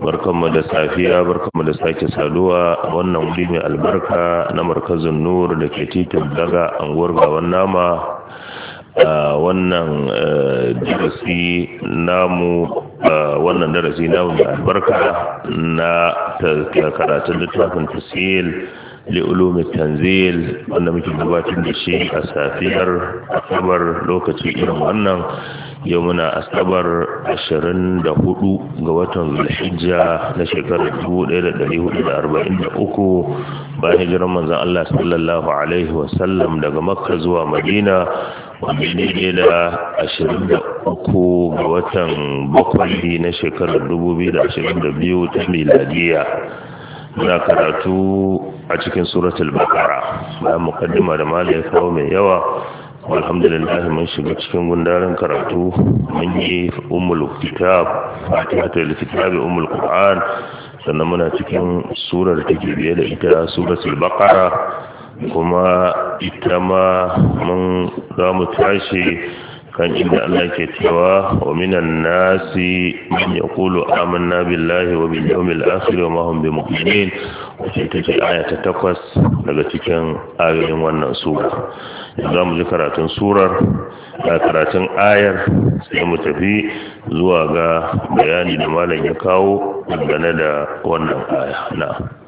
barkanmu da safiya barkanmu da sake saduwa wannan wuri mai albarka na markazin nur da ke titin daga anguwar gawan nama a wannan eh, darasi namu wannan darasi namu mai albarka na karatun littafin tasil ulumi tanzil wanda muke gabatar da shi a safiyar asabar lokaci irin wannan yau muna asabar 24 ga watan zulhijja na shekarar 1443 bayan hijirar manzon Allah sallallahu alaihi wasallam daga makka zuwa madina wanda ne da 23 ga watan bakwai na shekarar 2022 ta miladiya muna karatu a cikin suratul bakara bayan mukaddima da mala ya kawo mai yawa alhamdulillah mun shiga cikin gundarin karatu mun yi umul kitab fatihatul kitab umul qur'an sannan muna cikin surar da ke biye da ita suratul baqara kuma ita ma mun za mu tashi kan inda Allah ke cewa wa minan nasi man yaqulu amanna billahi wa bil yawmil akhir wa ma hum bimu'minin wace take aya ta takwas daga cikin ayoyin wannan sura za mu ji karatun surar da karatun ayar sai mu tafi zuwa ga bayani da malam ya kawo dangane da wannan aya na'am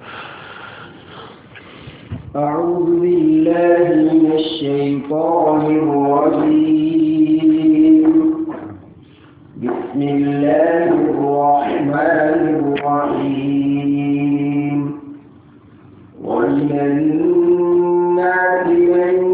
أعوذ بالله من الشيطان الرجيم بسم الله الرحمن الرحيم ومن الناس من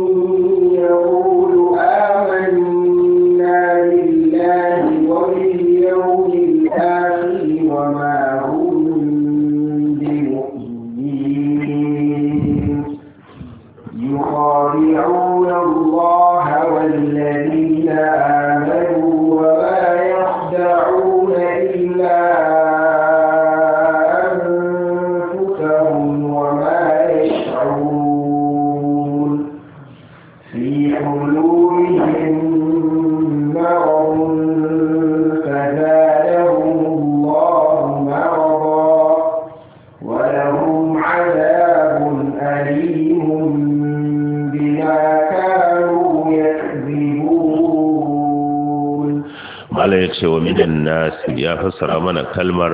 kalmar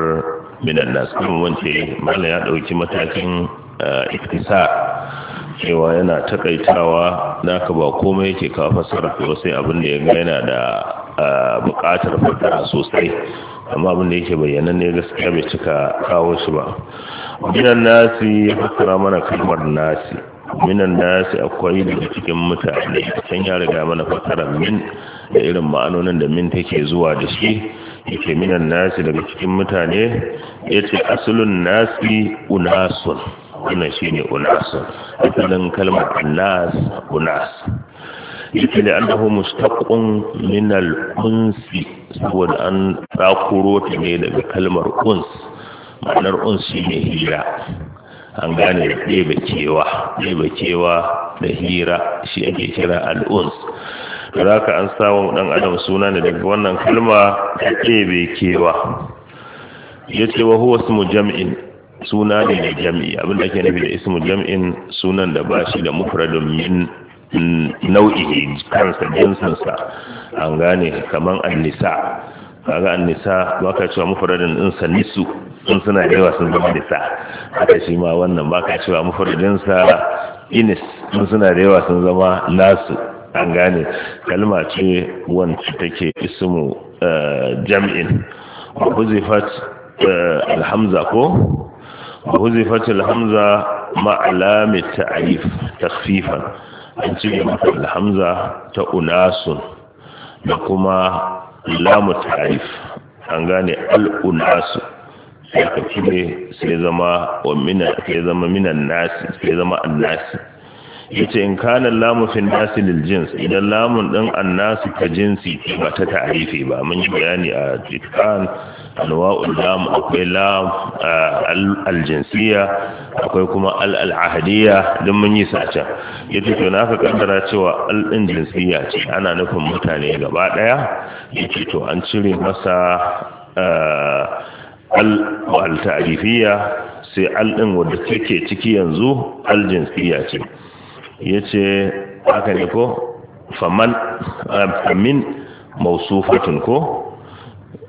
minan nas kuma wance malam ya dauki matakin eh, iktisa cewa yana takaitawa da ka ba komai yake kawo fassara ko sai abin da ya ga yana da eh, buƙatar fassara sosai amma abin da yake bayyana ne gaskiya bai cika kawo shi ba minan nasi ya fassara mana kalmar nasi minan nasi akwai daga cikin mutane kan ya riga mana fassara min da irin ma'anonin da min take zuwa da shi yake minan nasi daga cikin mutane yace asulun nasi unasun wannan ne unasun asalin kalmar nas unas yake da an dafa mustaƙon unsi saboda an tsakuro ta ne daga kalmar uns ma'anar uns ne hira an gane da ɗebe cewa ɗebe da hira shi ake kira al da ka an samu dan adam suna ne daga wannan kalma ta ɗebe kewa ya ce wa huwa ismu jam'in suna ne da jam'i abin da ke nufi da ismu jam'in sunan da ba shi da mufradun min nau'i kansa jinsinsa an gane kaman annisa kaga annisa baka cewa mufradun din sa nisu sun suna da yawa sun zama nisa haka shi ma wannan baka cewa mufradun sa inis sun suna da yawa sun zama nasu an gane kalma ce wanda take ismu eh, jam'in eh, huzifat alhamza ko huzifat alhamza ma alami ta'rif takhfifan an cire alhamza ta unasun da kuma lamu ta'rif an gane al-unasu ya kafi ne sai zama wa minan sai zama minan nasi sai zama annasi yace in kana lamu fi nasi jins idan lamun din annasu ta jinsi ba ta ta'rifi ba mun yi bayani a tikan anwa'ul akwai lam al akwai kuma al al mun yi sa can yace to na ka kaddara cewa al din jinsiya ce ana nufin mutane gaba daya yace to an cire masa al-ta'rifiyya sai al din wanda take ciki yanzu al ce ya ce haka ne ko faman eh, min mausufatun ko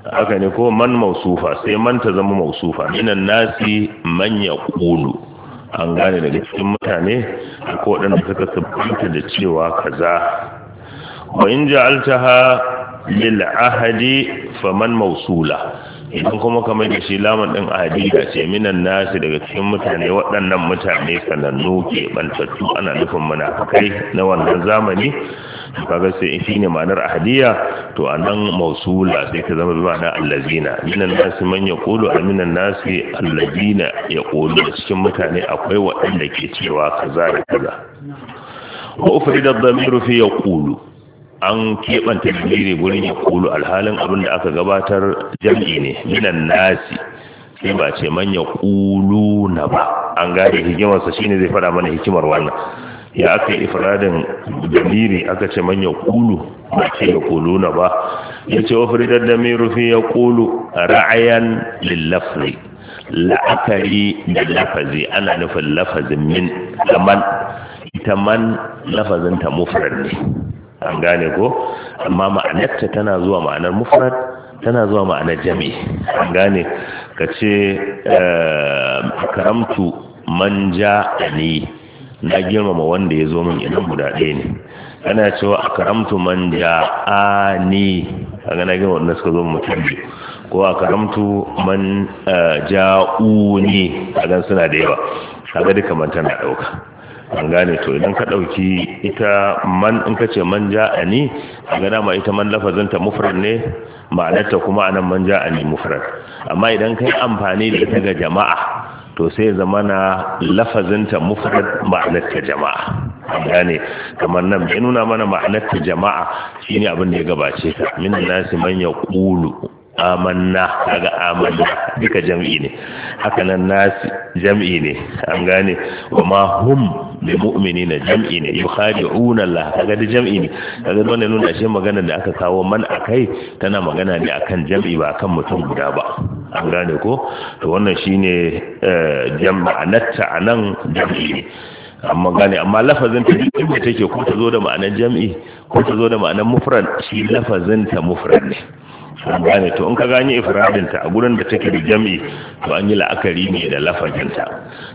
haka ne ko man mausufa sai man ta zama mausufa minan nasi man kulu an gane daga cikin mutane ko da suka sabbata da cewa kaza wa in ja'altaha lil ahadi faman mausula idan kuma kamar da shi a din ahadida ce minan nasi daga cikin mutane waɗannan mutane sanannu ke bantattu ana nufin munafikai na wannan zamani kaga sai shi ne ma'anar ahadiya to a nan mausula sai ka zama ma'ana allazina minan nasi man ya kulu a minan nasi allazina ya kulu da cikin mutane akwai waɗanda ke cewa kaza da kaza wa ufrida dhamiru ya an keɓanta dalili wurin ya kulu alhalin abin da aka gabatar jam'i ne minan nasi sai ba ce man ya kulu na ba an gane hikimarsa shine zai fara mana hikimar wannan ya aka yi ifradin damiri aka ce man ya kulu ba ce ya kulu na ba ya ce wa firidar damiru fi ya kulu ra'ayan lillafi la'akari da lafazi ana nufin lafazin min man ita man ne an gane ko amma ma'anarta tana zuwa ma'anar mufrad tana zuwa ma'anar jami an gane ka ce eh, karamtu man ja'ani na girmama wanda ya zo min idan guda ɗaya ne ana cewa a karamtu man ani a gana girmama wanda suka zo mutum biyu ko a karamtu man eh, ja'uni a gan suna da yawa kaga duka man tana ɗauka an gane to idan ka ɗauki ita man in ka man ja'ani a gana ma ita man lafazinta mufrad ne ma'anarta kuma anan man ja'ani mufrad amma idan ka yi amfani da ita ga jama'a to sai zamana lafazinta mufrad ma'anarta jama'a gane kamar nan bai nuna mana ma'anarta jama'a shine abin da ya gabace ka. min nasi man yaqulu amanna kaga amanna duka jam'i ne haka nan nasi jam'i ne an gane wa ma hum bi mu'minina jam'i ne yukhadi'una Allah kaga da jam'i ne kaga wannan nuna shi magana da aka kawo man akai tana magana ne akan jam'i ba akan mutum guda ba an gane ko to wannan shine eh, jam'anatta anan jam'i ne amma gane amma lafazin ta duk take ko ta zo da ma'anar jam'i ko ta zo da ma'anar mufrad shi lafazin ta mufrad ne an gane to in ka gani ifradin ta a gurin da take da jam'i to an yi la'akari ne da lafajin ta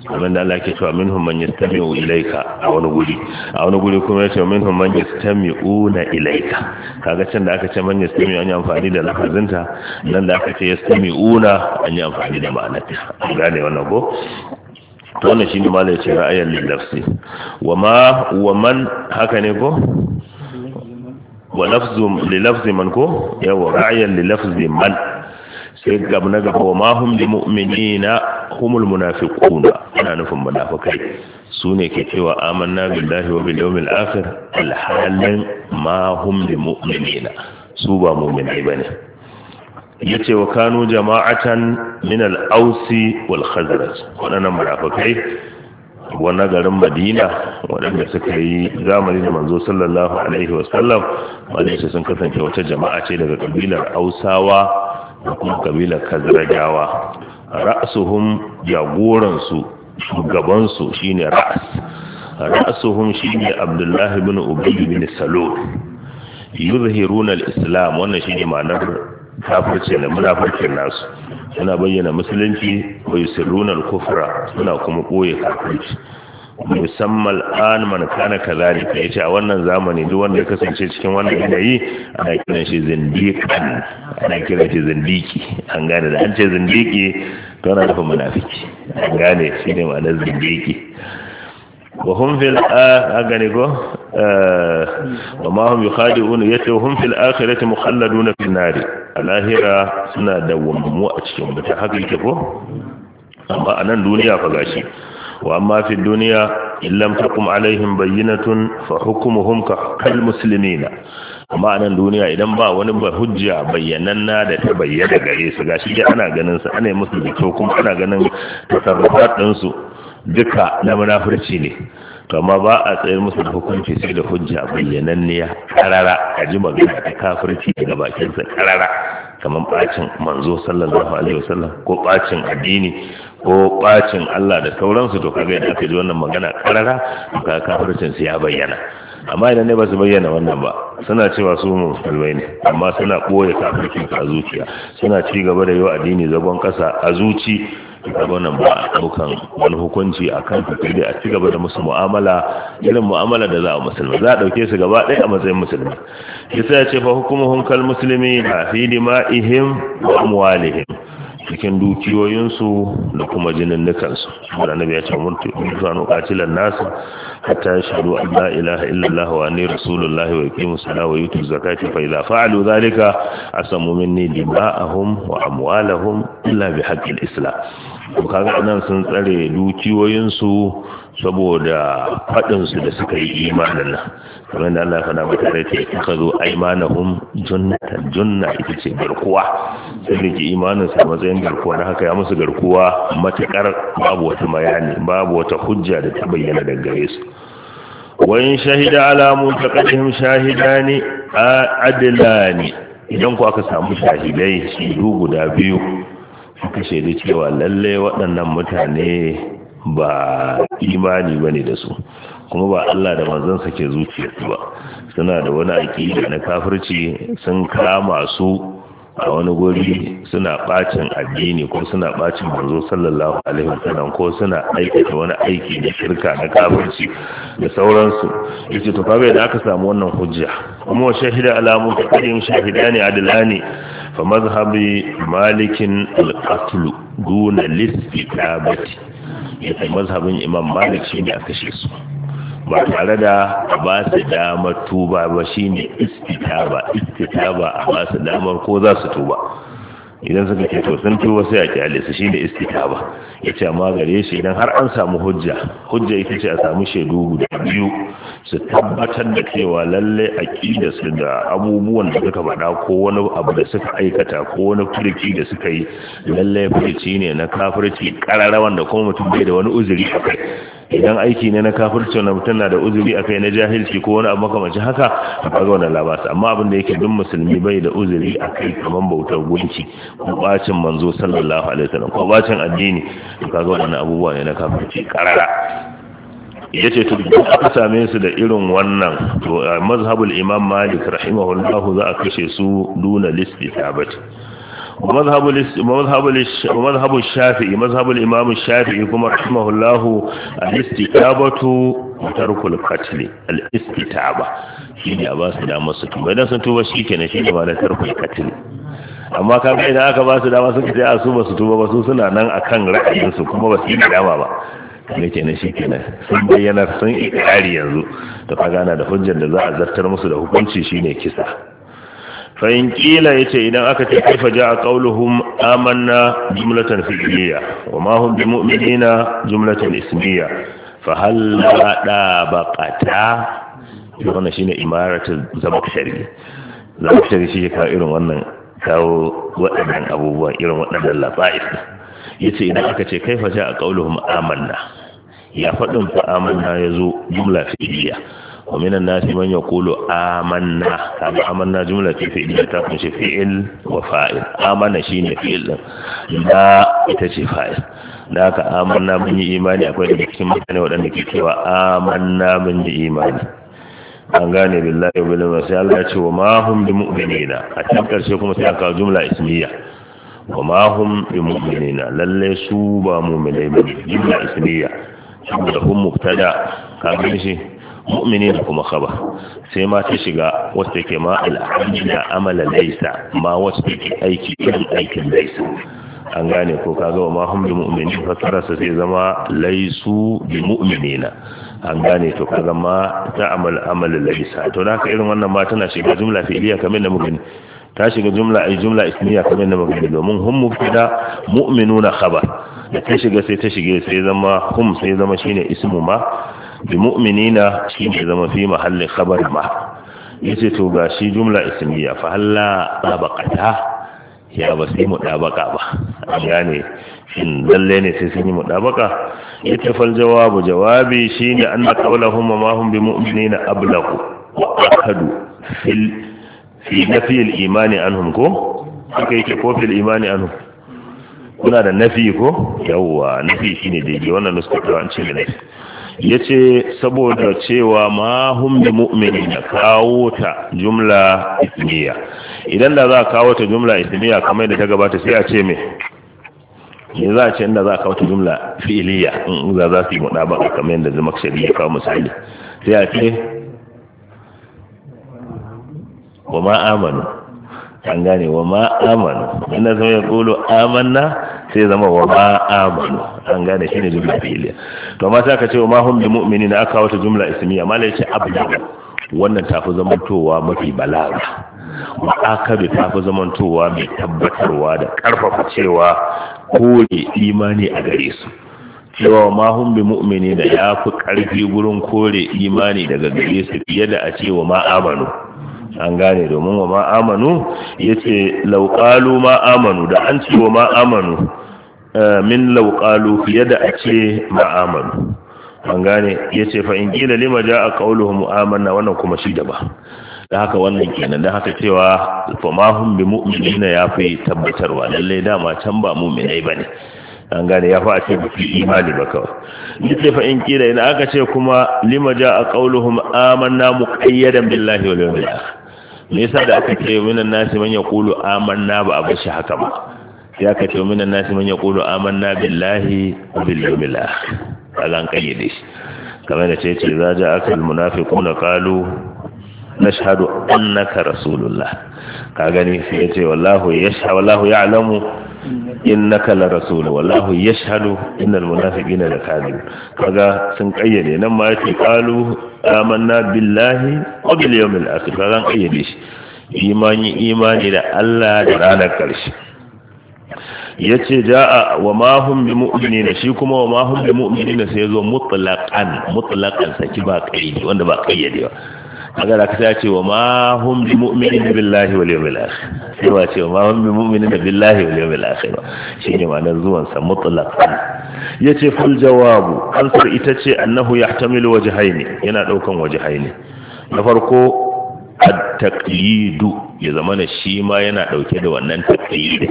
kamar da Allah ke cewa minhum man yastami'u ilayka a wani guri a wani guri kuma ya ce minhum man yastami'una ilayka kaga can da aka ce man yastami'u an yi amfani da lafazin ta nan da aka ce yastami'una an yi amfani da ma'anar ta an gane wannan ko to wannan shine malai ce ra'ayin lil nafsi wa ma wa man haka ne ko wa lafzu li lafzi man ko yawa ra'ayan li lafzi man sai gab na gaba wa mahum bi mu'minina humul munafiquna ana nufin munafikai su ne ke cewa amanna billahi wa bil yawmil akhir alhalin ma bi mu'minina su ba mu'minai bane yace wa kanu jama'atan min al-ausi wal khazraj wadannan munafikai Wani garin madina waɗanda suka yi zamani da manzo sallallahu alaihi wasallam malaysia sun kasance wata jama'a ce daga kabilar ausawa da kuma kabilar kazrajawa ra'asuhum jagoransu shugabansu shine ra'as ra'asuhum shine abdullahi bin ubay bin salul yuzhiruna al-islam wannan shine ma'anar kafirce da munafircin nasu suna bayyana musulunci wa yusirruna al-kufra suna kuma koye kafirci musamman an man kana kazalika yace a wannan zamani duk wanda ya kasance cikin wannan yanayi ana kiran shi zindiqan ana kiran shi zindiki an gane da an ce zindiki to ana nufin munafiki an gane shi ne ma'anar zindiki وهم في fil وما هم eh, wa ma hum في الآخرة مخلدون fil النار الآخرة سنة nar alahira suna dawwamu a cikin الدنيا فقاشي وأما في amma a nan duniya fa بينة wa كالمسلمين duniya amma a nan duniya idan ba wani ba hujja bayyananna da ta bayyana gare su gashi ana ganin su ana musu da kuma ana ganin tasarrufa duka na munafurci ne to ba a tsayar musu da hukunci sai da hujja niyya. karara a ji magana ta kafirci daga bakinsa karara kamar bacin manzo sallallahu alaihi wasallam ko bacin addini ko bacin Allah da sauransu to kaga yadda aka ji wannan magana karara ga kafircin su ya bayyana amma idan ne ba su bayyana wannan ba suna cewa su musulmai ne amma suna ɓoye kafircin a zuciya suna ci gaba da yau addini zagon ƙasa a zuci wannan ba daukan wani hukunci a kan sai a ci gaba da musu mu'amala irin mu'amala da za a musulmi za a ɗauke su gaba ɗaya a matsayin musulmi yasa ya ce fa hukumuhum musulmi muslimi fi dima'ihim wa amwalihim cikin dukiyoyinsu da kuma jinin nukansu da annabi ya ce muntu zanu qatilan nasu hatta yashhadu an la ilaha illallah wa anni rasulullahi wa yuqimu salata wa yutu zakata fa idza fa'alu a asamu minni dima'ahum wa amwalahum illa bihaqqil islam to kaga nan sun tsare dukiyoyinsu saboda faɗinsu da suka yi imanin nan kamar da Allah ya faɗa mata da ta ka zo aimanahum junnatan junna ita ce garkuwa sai da ke imanin sa matsayin garkuwa na haka ya musu garkuwa matakar babu wata bayani babu wata hujja da ta bayyana daga gare su wayin shahida ala mutaqaddihim shahidani adlani idan ku aka samu shahidai su guda biyu suka shaidu cewa lallai waɗannan mutane ba imani ba ne da su kuma ba Allah da manzansa ke zuciyarsu ba suna da wani aƙida na kafirci sun kama su a wani guri suna bacin addini ko suna bacin manzo sallallahu alaihi wasallam ko suna aikata wani aiki da shirka na kafirci da sauransu yace to fa bai da aka samu wannan hujja kuma shahida alamu kadin shahidani adlani fa mazhabin malikin alƙatulu duna lissi ɗabati ya mazhabin imam malik shi ne ba tare da ba su damar tuba ba shi ne istitaba istitaba a ba su damar ko za su tuba idan suka ce to sun tuba sai a kyale su shine istitaba yace amma gare shi idan har an samu hujja hujja ita ce a samu shaidu guda biyu su tabbatar da cewa lalle aqida su da abubuwan da suka faɗa ko wani abu da suka aikata ko wani furiki da suka yi lalle furici ne na kafirci kararrawan da kuma mutum bai da wani uzuri a kai idan aiki ne na kafirci wani mutum na da uzuri a kai na jahilci ko wani abu makamancin haka a kaga wani labasa amma abin da yake duk musulmi bai da uzuri a kai kamar bautar gunki ko bacin manzo sallallahu alaihi wasallam ko bacin addini ka kaga wani abubuwa ne na kafirci karara yace ce duk aka same su da irin wannan to a mazhabul imam malik rahimahullah za a kashe su duna listi tabat mazhabul mazhabul shafi'i mazhabul imam shafi'i kuma rahimahullah al-istitabatu tarkul katli al-istitaba shine a ba su dama su tuba idan sun tuba shikenan shine ba na tarkul katli amma kaga idan aka ba su dama sun kace a su ba su tuba ba su suna nan akan ra'ayin su kuma ba su yi dama ba yake kenan shi kenan sun bayyana sun ikirari yanzu da kaga na da hujjar da za a zartar musu da hukunci shine kisa fa'in kila ce idan aka ce kaifa a qauluhum amanna jumlatan fi'liya wa ma hum mu'minina jumlatan ismiya fa hal da baqata wannan shine imaratul zamakshari zamakshari shi ka irin wannan kawo waɗannan abubuwan irin waɗannan lafa'is yace idan aka ce kai faja a qauluhum amanna ya fadin fa amanna yazo jumla fi'liya wa minan nasi man yaqulu amanna kaga amanna jumla ce fi'liya ta kunshi fi'il wa fa'il amana shine fi'il din da ita ce fa'il da aka amanna mun yi imani akwai da cikin mutane waɗanda ke cewa amanna mun yi imani an gane billahi wa bil masal ya ce wa ma hum bi mu'minina a cikin karshe kuma sai aka jumla ismiya wa ma hum bi mu'minina lalle su ba mu'minai ba jumla isliya saboda hum mubtada gani shi mu'minin kuma kaba. sai ma ta shiga wacce take ma al'amali da amala laisa ma wacce take aiki irin aikin laisa an gane ko kaga wa ma hum bi mu'minin fasararsa sai zama laisu bi mu'minina an gane to kaga ma ta amal amal laisa to da irin wannan ma tana shiga jumla fi'liya kamar da muke ta shiga jumla ai jumla ismiya kamar yadda magana domin hum mubtada mu'minuna khabar da ta shiga sai ta shige sai zama hum sai zama shine ismu ma bi mu'minina shine zama fi mahalli khabar ma yace to gashi jumla ismiya fa halla tabaqata ya ba sai mu dabaka ba an ne, shin lalle ne sai sun yi mu dabaka yace fal jawabu jawabi shine anna qawlahum ma hum bi mu'minina ablaku wa akadu fil fi nafi imani anhum ko suka yake ko fil imani anhum kuna da nafi ko yawwa nafi ne daidai wannan nuska ta an ce nafi ce saboda cewa ma hum bi mu'minina kawo ta jumla ismiya idan da za a kawo ta jumla ismiya kamar da ta gabata sai a ce me ne za a ce inda za a kawo ta jumla fi'iliya in za za su yi ba kamar yadda zama shari'a kawo misali sai a ce wa ma amanu an gane wa ma amanu inda zama amanna sai zama wa ma amanu an gane shi ne jumla fi'iliya to amma sai aka ce wa ma hum bi mu'minina aka wata jumla ismiya mala yace abdu wannan tafi zamantowa mafi balaga ma'akabi tafi zamantowa mai tabbatarwa da karfafa cewa kore imani a gare su cewa ma hun bi mu'mini da ya fi ƙarfi gurin kore imani daga gare su fiye da a cewa ma amanu an gane domin wa ma amanu ce lauƙalu ma amanu da an ce wa ma amanu eh, min lauƙalu fiye da a ce ma amanu an gane ya fa in gina lima jaa qauluhum amanna wannan kuma shi da ba da haka wannan kenan da haka cewa fa ma hum bi ya fi tabbatarwa lalle dama can ba mu'minai ne an gane ya fa ce bi imani ba kawai yace fa in kila ina aka ce kuma lima jaa qauluhum amanna muqayyadan billahi wa yawmil me yasa da aka ce minan nasi man yaqulu amanna ba a bashi haka ba sai aka ce minan nasi man yaqulu amanna billahi wa bil yawmil akhir an kayyade shi kamar da ce ce za ja akal munafiquna qalu Na nashhadu annaka rasulullah ka gani sai ya ce wallahu yashhadu wallahu ya'lamu innaka la rasul wallahu yashhadu innal munafiqina lakadib kaga sun kayyade nan ma yake qalu amanna billahi wa bil yawmil akhir kaga an kayyade shi imani imani da Allah da ranar karshe yace jaa wa ma hum bi mu'minina shi kuma wa ma hum bi mu'minina sai yazo mutlaqan mutlaqan saki ba kayyade wanda ba kayyade ba kaga da ka ce wa ma hum bi mu'minin billahi wal yawmil akhir sai wa ce wa ma hum bi mu'minin billahi wal yawmil akhir shine ma'anar zuwan sa mutlaqan yace ful jawabu ansar ita ce annahu yahtamilu wajhaini yana daukan wajhaini na farko at-taqlidu ya zama na shi ma yana dauke da wannan taqlidi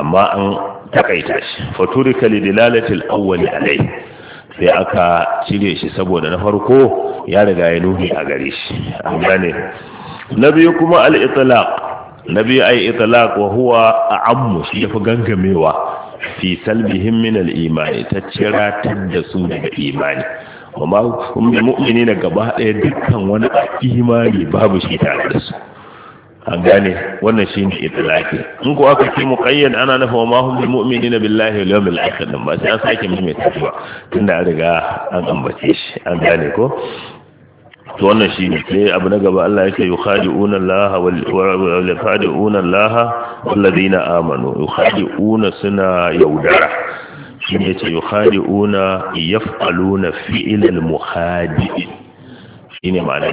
amma an takaita shi faturika lidilalati al-awwal alayhi sai aka cire shi saboda na farko ya riga ya nuhi a gare shi an gane na biyu kuma al-itlaq na ai itlaq wa huwa a'ammu shi yafi gangamewa fi salbihim min al ta ciratar da su daga imani amma mu'mini na gaba ɗaya dukkan wani imani babu shi tare da su an gane wannan shi ne itilaki in ko aka ce kayyana ana nafa wa mahum bil mu'minina billahi wal yawmil akhir ba sai an sake mai mai tafiya tunda an riga an ambace shi an gane ko to wannan shi ne sai abu na gaba Allah yake yukhadi'una Allah wal yukhadi'una Allah walladhina amanu yukhadi'una suna yaudara shi ne yake yukhadi'una yaf'aluna fi'lal muhadi'in shine ma'anar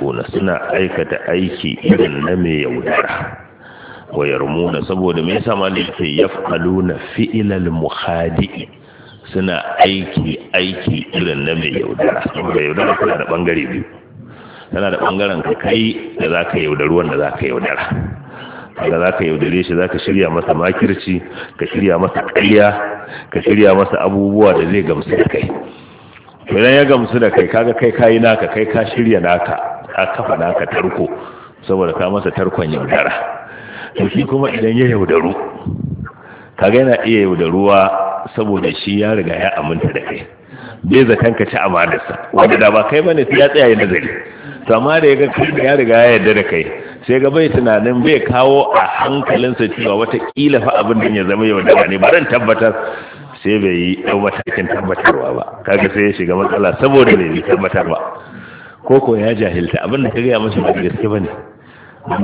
ona suna aikata aiki irin na mai yaudara wa yarmuna saboda me yasa ma yake yaf'aluna fi'lal mukhadi suna aiki aiki irin na mai yaudara saboda yaudara tana da bangare biyu tana da bangaren ka kai da zaka yaudaru wanda zaka yaudara da zaka yaudare shi zaka shirya masa makirci ka shirya masa ƙarya ka shirya masa abubuwa da zai gamsu da kai to idan ya gamsu da kai kaga kai kayi naka kai ka shirya naka ka kafa naka tarko saboda ka masa tarkon yaudara to shi kuma idan ya yaudaru kaga yana iya yaudaruwa saboda shi ya riga ya aminta da kai bai zaton ka ci amanarsa wanda da ba kai bane sai ya tsaya ya nazari to amma da ya ga kai ya riga ya yarda da kai sai ga bai tunanin bai kawo a hankalinsa cewa wata kila fa abin da ya zama yaudara ne baran tabbatar sai bai yi ɗan matakin tabbatarwa ba kaga sai ya shiga matsala saboda bai yi tabbatar ba ko ko ya jahilta abin da ka gaya masa ba gaske ba ne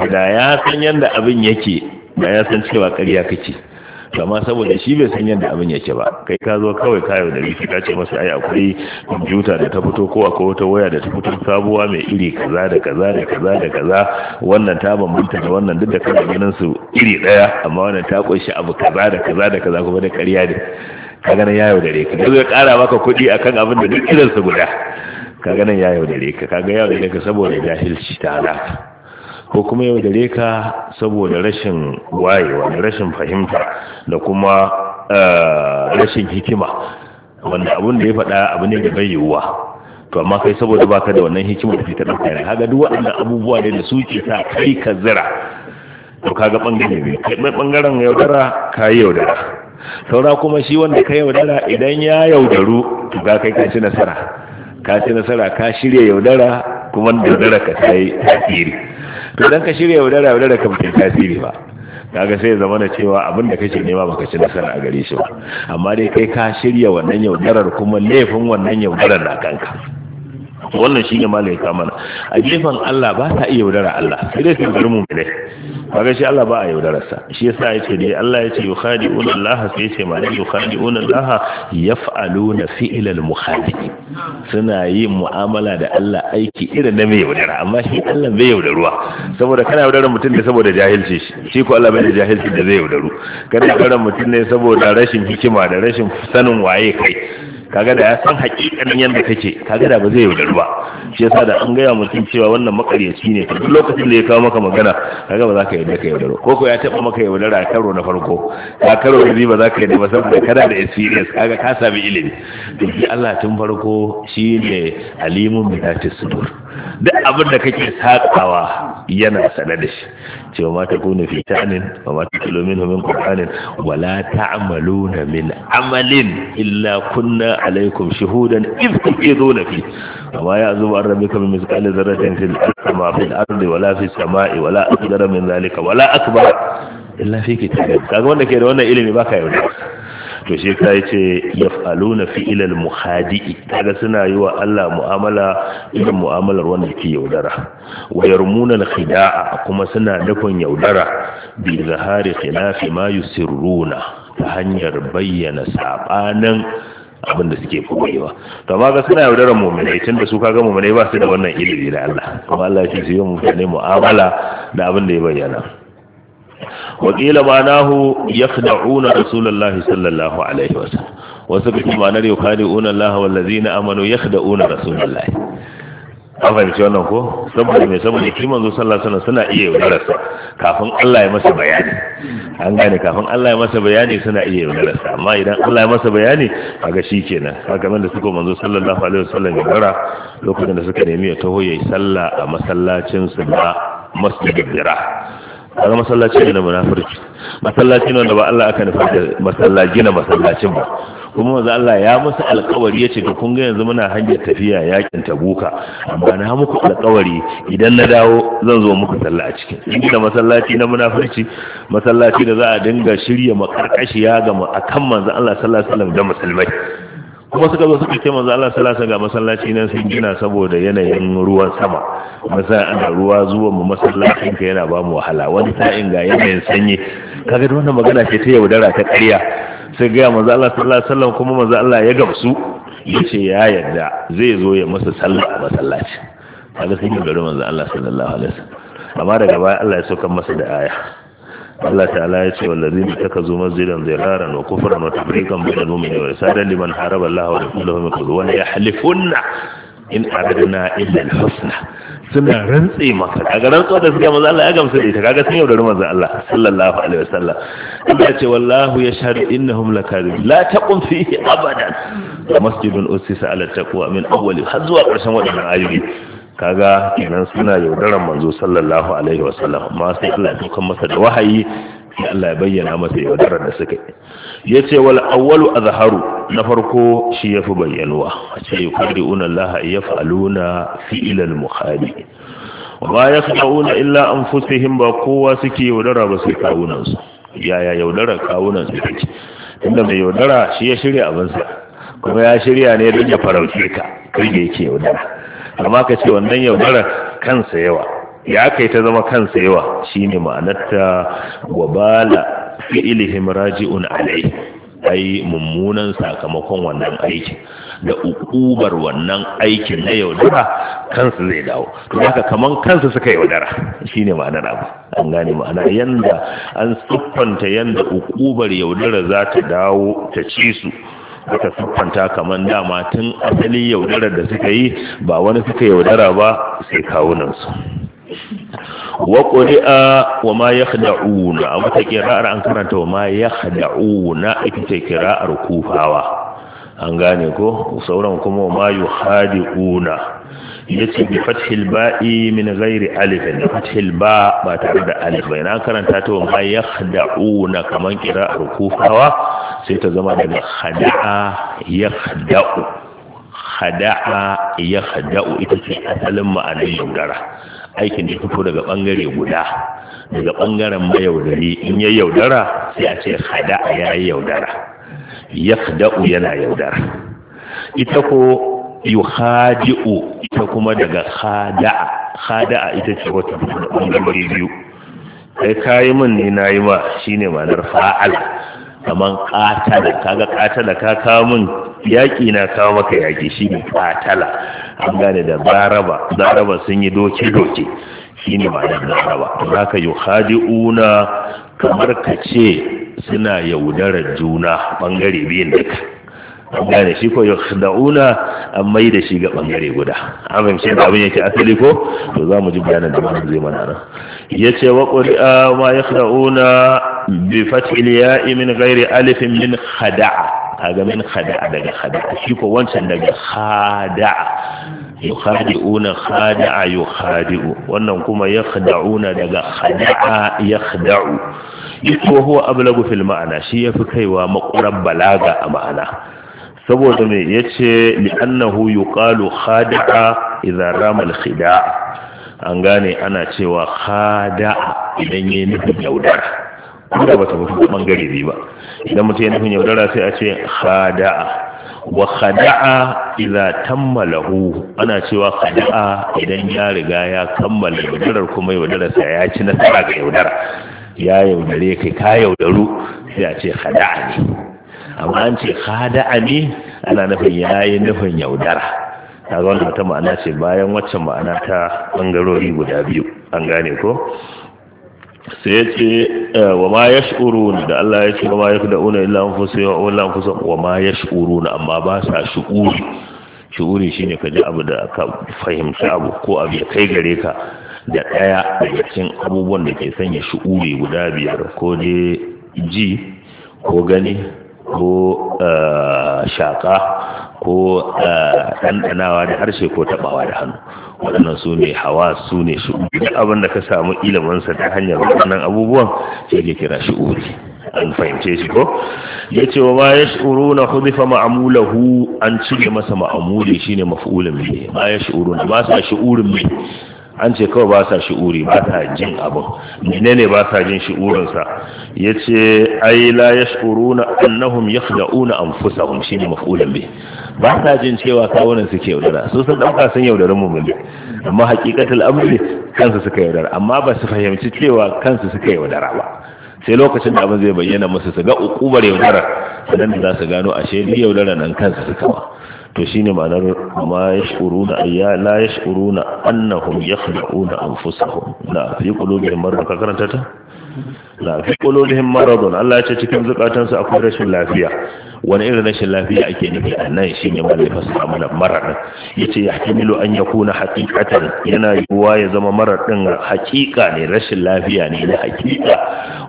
da ya san yadda abin yake ba ya san cewa ƙarya kake amma saboda shi bai san yadda abin yake ba kai ka zo kawai kayo da rikici ka ce masa ai akwai kwamfuta da ta fito ko akwai wata waya da ta fito sabuwa mai iri kaza da kaza da kaza da kaza wannan ta bambanta da wannan duk da kana ganin su iri daya amma wannan ta kunshi abu kaza da kaza da kaza kuma da ƙarya ne ka ganin ya yaudare ka yanzu ya kara maka a kan abin da duk irinsa guda ka ganin ya yaudare ka ka ga yaudare ka saboda jahilci ta halaka ko kuma yaudare ka saboda rashin wayewa da rashin fahimta da kuma eh, rashin hikima wanda abin da ya faɗa abu ne da bai yiwuwa to amma kai saboda baka da wannan hikimar da ta dauka ne ga duk waɗannan abubuwa ne da suke sa kai ka zira to kaga bangare ne kai bangaren yaudara kai yaudara saura kuma shi wanda ka yaudara idan ya yaudaru to kai ka ci nasara ka nasara ka shirya yaudara kuma yaudara ka sai tasiri to don ka shirya yaudara yaudara ka bata tasiri ba kaga sai zama na cewa abin da kake nema baka ci nasara a gare shi ba amma dai kai ka shirya wannan yaudarar kuma laifin wannan yaudarar na kanka to wannan shine ne kama na. a gefen Allah ba ta iya yaudara Allah sai dai kan garmu ne kaga shi Allah ba a yaudararsa sa shi yasa yace dai Allah yace yukhadi'una Allah sai ce ma yukhadi'una Allah yaf'aluna fi'lal mukhadi'i suna yin mu'amala da Allah aiki irin na mai yaudara amma shi Allah bai yaudaruwa saboda kana yaudarar mutum ne saboda jahilci shi shi ko Allah bai da jahilci da zai yaudaru kana yaudarar mutum ne saboda rashin hikima da rashin sanin waye kai kaga da ya san hakikanin yadda kake kaga da ba zai yaudaru ba shi yasa da an gaya mutum cewa wannan makaryaci ne duk lokacin da ya kawo maka magana kaga ba za ka yarda ka yaudaro ko ko ya taba maka yaudara a karo na farko ka karo da ba za ka yarda ba saboda kana da experience kaga ka sami ilimi to shi Allah tun farko shine alimun bi sudur duk abin da kake sakawa yana sanar da shi cewa ma ta kunu fi ta'anin wa ma ta kilo min min qur'anin wa la na min amalin illa kunna alaikum shuhudan zo na fi Amma ya zuba an rabbika min mithqali dharratin fil sama fil ardi wala fi sama'i wala akbar min zalika wala akbar illa fi kitabin kaga wanda ke da wannan ilimi baka yau to shi ka yace yaf'aluna fi'ilal muhadi'i kaga suna yi wa Allah mu'amala irin mu'amalar wanda ke yaudara wayar yarmuna al-khida'a kuma suna dukan yaudara bi zahari khilafi ma yusirruna ta hanyar bayyana sabanin abin da suke koyewa to amma ga suna yaudarar mu'minai tun da su kaga mu'minai ba su da wannan ilimi da Allah kuma Allah ya ce su yi mu'amala da abin da ya bayyana wakila ma'anahu yakhda'una rasulullahi sallallahu alaihi wasallam wasu kuma ma'anar yukhadi'una Allah wal ladzina amanu yakhda'una rasulullahi an fahimci wannan ko saboda mai saboda shi manzo sallallahu alaihi suna iya rasa kafin Allah ya masa bayani an gane kafin Allah ya masa bayani suna iya rasa amma idan Allah ya masa bayani kaga kenan. kaga man da suka manzo sallallahu alaihi wasallam yaudara lokacin da suka nemi ya taho yi sallah a masallacin su ba masjidul bira kaga masallaci ne na munafurci masallaci ne wanda ba Allah aka nufa da masallaci na masallacin ba kuma manzo Allah ya musu alƙawari yace ga kun ga yanzu muna hanyar tafiya yakin Tabuka amma na muku alƙawari idan na dawo zan zo muku sallah a cikin inda masallaci na munafurci masallaci da za a dinga shirya makarkashiya ga akan manzo Allah sallallahu alaihi wasallam da musulmai kuma suka zo suka ce manzo Allah sallallahu alaihi ga masallaci nan sun gina saboda yanayin ruwan sama masa ana ruwa zuwa mu masallacin ka yana ba mu wahala wani sa'in ga yanayin sanyi kaga da wannan magana ce ta yaudara ta ƙarya sai ga manzo Allah sallallahu alaihi wasallam kuma manzo Allah ya gamsu yace ya yarda zai zo ya masa sallah a masallaci kaga sai ga gari manzo Allah sallallahu alaihi wasallam amma daga baya Allah ya sauka masa da aya Allah ta'ala ya ce wallazi ne taka zo masjidan ziraran wa kufran wa tafriqan bayna al-mu'mini wa isadan liman haraba Allah wa rasulahu min Wani ya halifunna in aradna illa al suna rantse maka daga rantsuwa da suka maza Allah ya gamsu da ita kaga sun yaudari manzo Allah sallallahu alaihi wa sallam. Allah ya ce wallahu ya yashhadu innahum lakadib la taqum fihi abadan masjidun usisa ala taqwa min awwali har zuwa ƙarshen waɗannan ayoyi kaga kenan suna yaudarar manzo sallallahu alaihi wasallam amma sai Allah ya masa da wahayi sai Allah ya bayyana masa yaudarar da suka yi yace wal awwalu azharu na farko shi yafi bayyanuwa ce yuqri'una Allah yaf'aluna fi'lan mukhali wa yasma'una illa anfusihim ba kowa suke yaudara ba sai kawunan su yaya yaudara kawunan su take inda mai yaudara shi ya shirya abinsa kuma ya shirya ne don ya farauce ka kai yake yaudara amma ka ce wannan yaudara kansa yawa ya kai ta zama kansa yawa Shi ne ma'anarta fi ilihim raji'un alai ai mummunan sakamakon wannan aikin da ukubar wannan aikin na yaudara kansu zai dawo to haka kaman kansu suka yaudara shine ma'anar abu an gane ma'ana yanda an siffanta yanda ukubar yaudara za ta dawo ta ci su aka siffanta kamar dama tun asali yaudarar da suka yi ba wani suka yaudara ba sai kawunansu wa ƙuri'a wa ma ya hada'una a wata kira'ar an karanta wa ma ya hada'una ita ce kira'ar kufawa an gane ko sauran kuma wa ma yi hadi'una yace bi fathil ba'i min ghairi alif da fathil ba ba tare da alif ba na karanta ta ma yakhda'una kaman kira rukufawa sai ta zama daga khada'a yakhda'u khada'a yakhda'u ita ce asalin ma'anar yaudara aikin da fito daga bangare guda daga bangaren mayaudari in ya yaudara sai a ce khada'a ya yaudara yakhda'u yana yaudara ita ko yuhadi'u ita kuma daga khada'a khada'a ita ce wata ɓangare biyu kai kayi min ne na yi ma shine ma'anar fa'al kaman ƙatala kaga ƙatala ka kawo min yaƙi na kawo maka yaƙi shine ƙatala an gane da zaraba zaraba sun yi doki doki shine ma'anar zaraba zaka na kamar ka ce suna yaudarar juna ɓangare biyun duka bangare shi ko da'una an mai da shi ga bangare guda an fahimci da abin yake asali ko to za mu ji bayanin da malam zai mana nan ce wa qur'a ma ya yakhda'una bi fathil ya'i min ghairi alifin min khada'a kaga min khada'a daga khada'a shi ko wancan daga khada'a yukhadi'una khada'a yukhadi'u wannan kuma ya yakhda'una daga khada'a yakhda'u ko huwa ablagu fil ma'ana shi yafi kaiwa maƙurar balaga a ma'ana saboda mai yace li'annahu yuqalu khada'a hada'a idan ramar hida'a an gane ana cewa khada'a idan yi nufin yaudara kuma ba ta mutu bangare biyu ba idan mutu yi nufin yaudara sai a ce hada'a wa khada'a tammala tammalahu ana cewa hada'a idan ya riga ya kammala yaudarar kuma yaudararsa ya ci nasara ga yaudara ya yaudare kai ka yaudaru sai a ce khada'a ne amma an ce khada'a ne ana nufin yayi nufin yaudara ga wannan wata ma'ana ce bayan waccan ma'ana ta bangarori guda biyu an gane ko sai ya ce eh, wa ma ya ne da Allah ya ce wa ma ya fida'una illa anfusu wa illa wa ma ya ne amma ba sa shuuri shi'uri shine ka ji abu da ka fahimci abu ko abu ya kai gare ka da ɗaya daga cikin abubuwan da ke sanya shuuri guda biyar ko dai ji ko gani ko eh, shaƙa ko eh, ɗanɗanawa da harshe ko taɓawa da hannu waɗannan su ne hawa su ne shu'uri duk abin da ka samu ilimansa ta hanyar waɗannan abubuwan shi ke kira shi'uri an fahimce shi ko ya ce wa ma ya shi'uru na hudifa ma'amulahu an cire masa ma'amuli shine maf'ulun mai ma ya shi'uru na ba sa shi'urin mai an ce kawai ba sa shi'uri ba ta jin abin menene ba sa jin shi'urinsa ya ce ai la ya na annahun ya fida'una an fusahun shi ne mafi'ulan bi ba sa jin cewa kawunan suke yaudara su sun ɗauka sun yaudarin mummuli amma hakikatul amri kansu suka yaudara amma ba su fahimci cewa kansu suka yaudara ba sai lokacin da abin zai bayyana musu su ga ukubar yaudara sannan da za su gano ashe ni yaudara nan kansu suka ba to shine ma'anar ma na ayya la na annahum yakhda'una anfusahum la fi qulubihim marad ka karanta ta la fi qulubihim marad Allah ya ce cikin zukatansu akwai rashin lafiya wani irin rashin lafiya ake nufi a nan shi ne mai fassara mana marar ya ce ya hakimilu an ya kuna hakikatan yana yiwuwa ya zama marar ɗin hakika ne rashin lafiya ne na hakika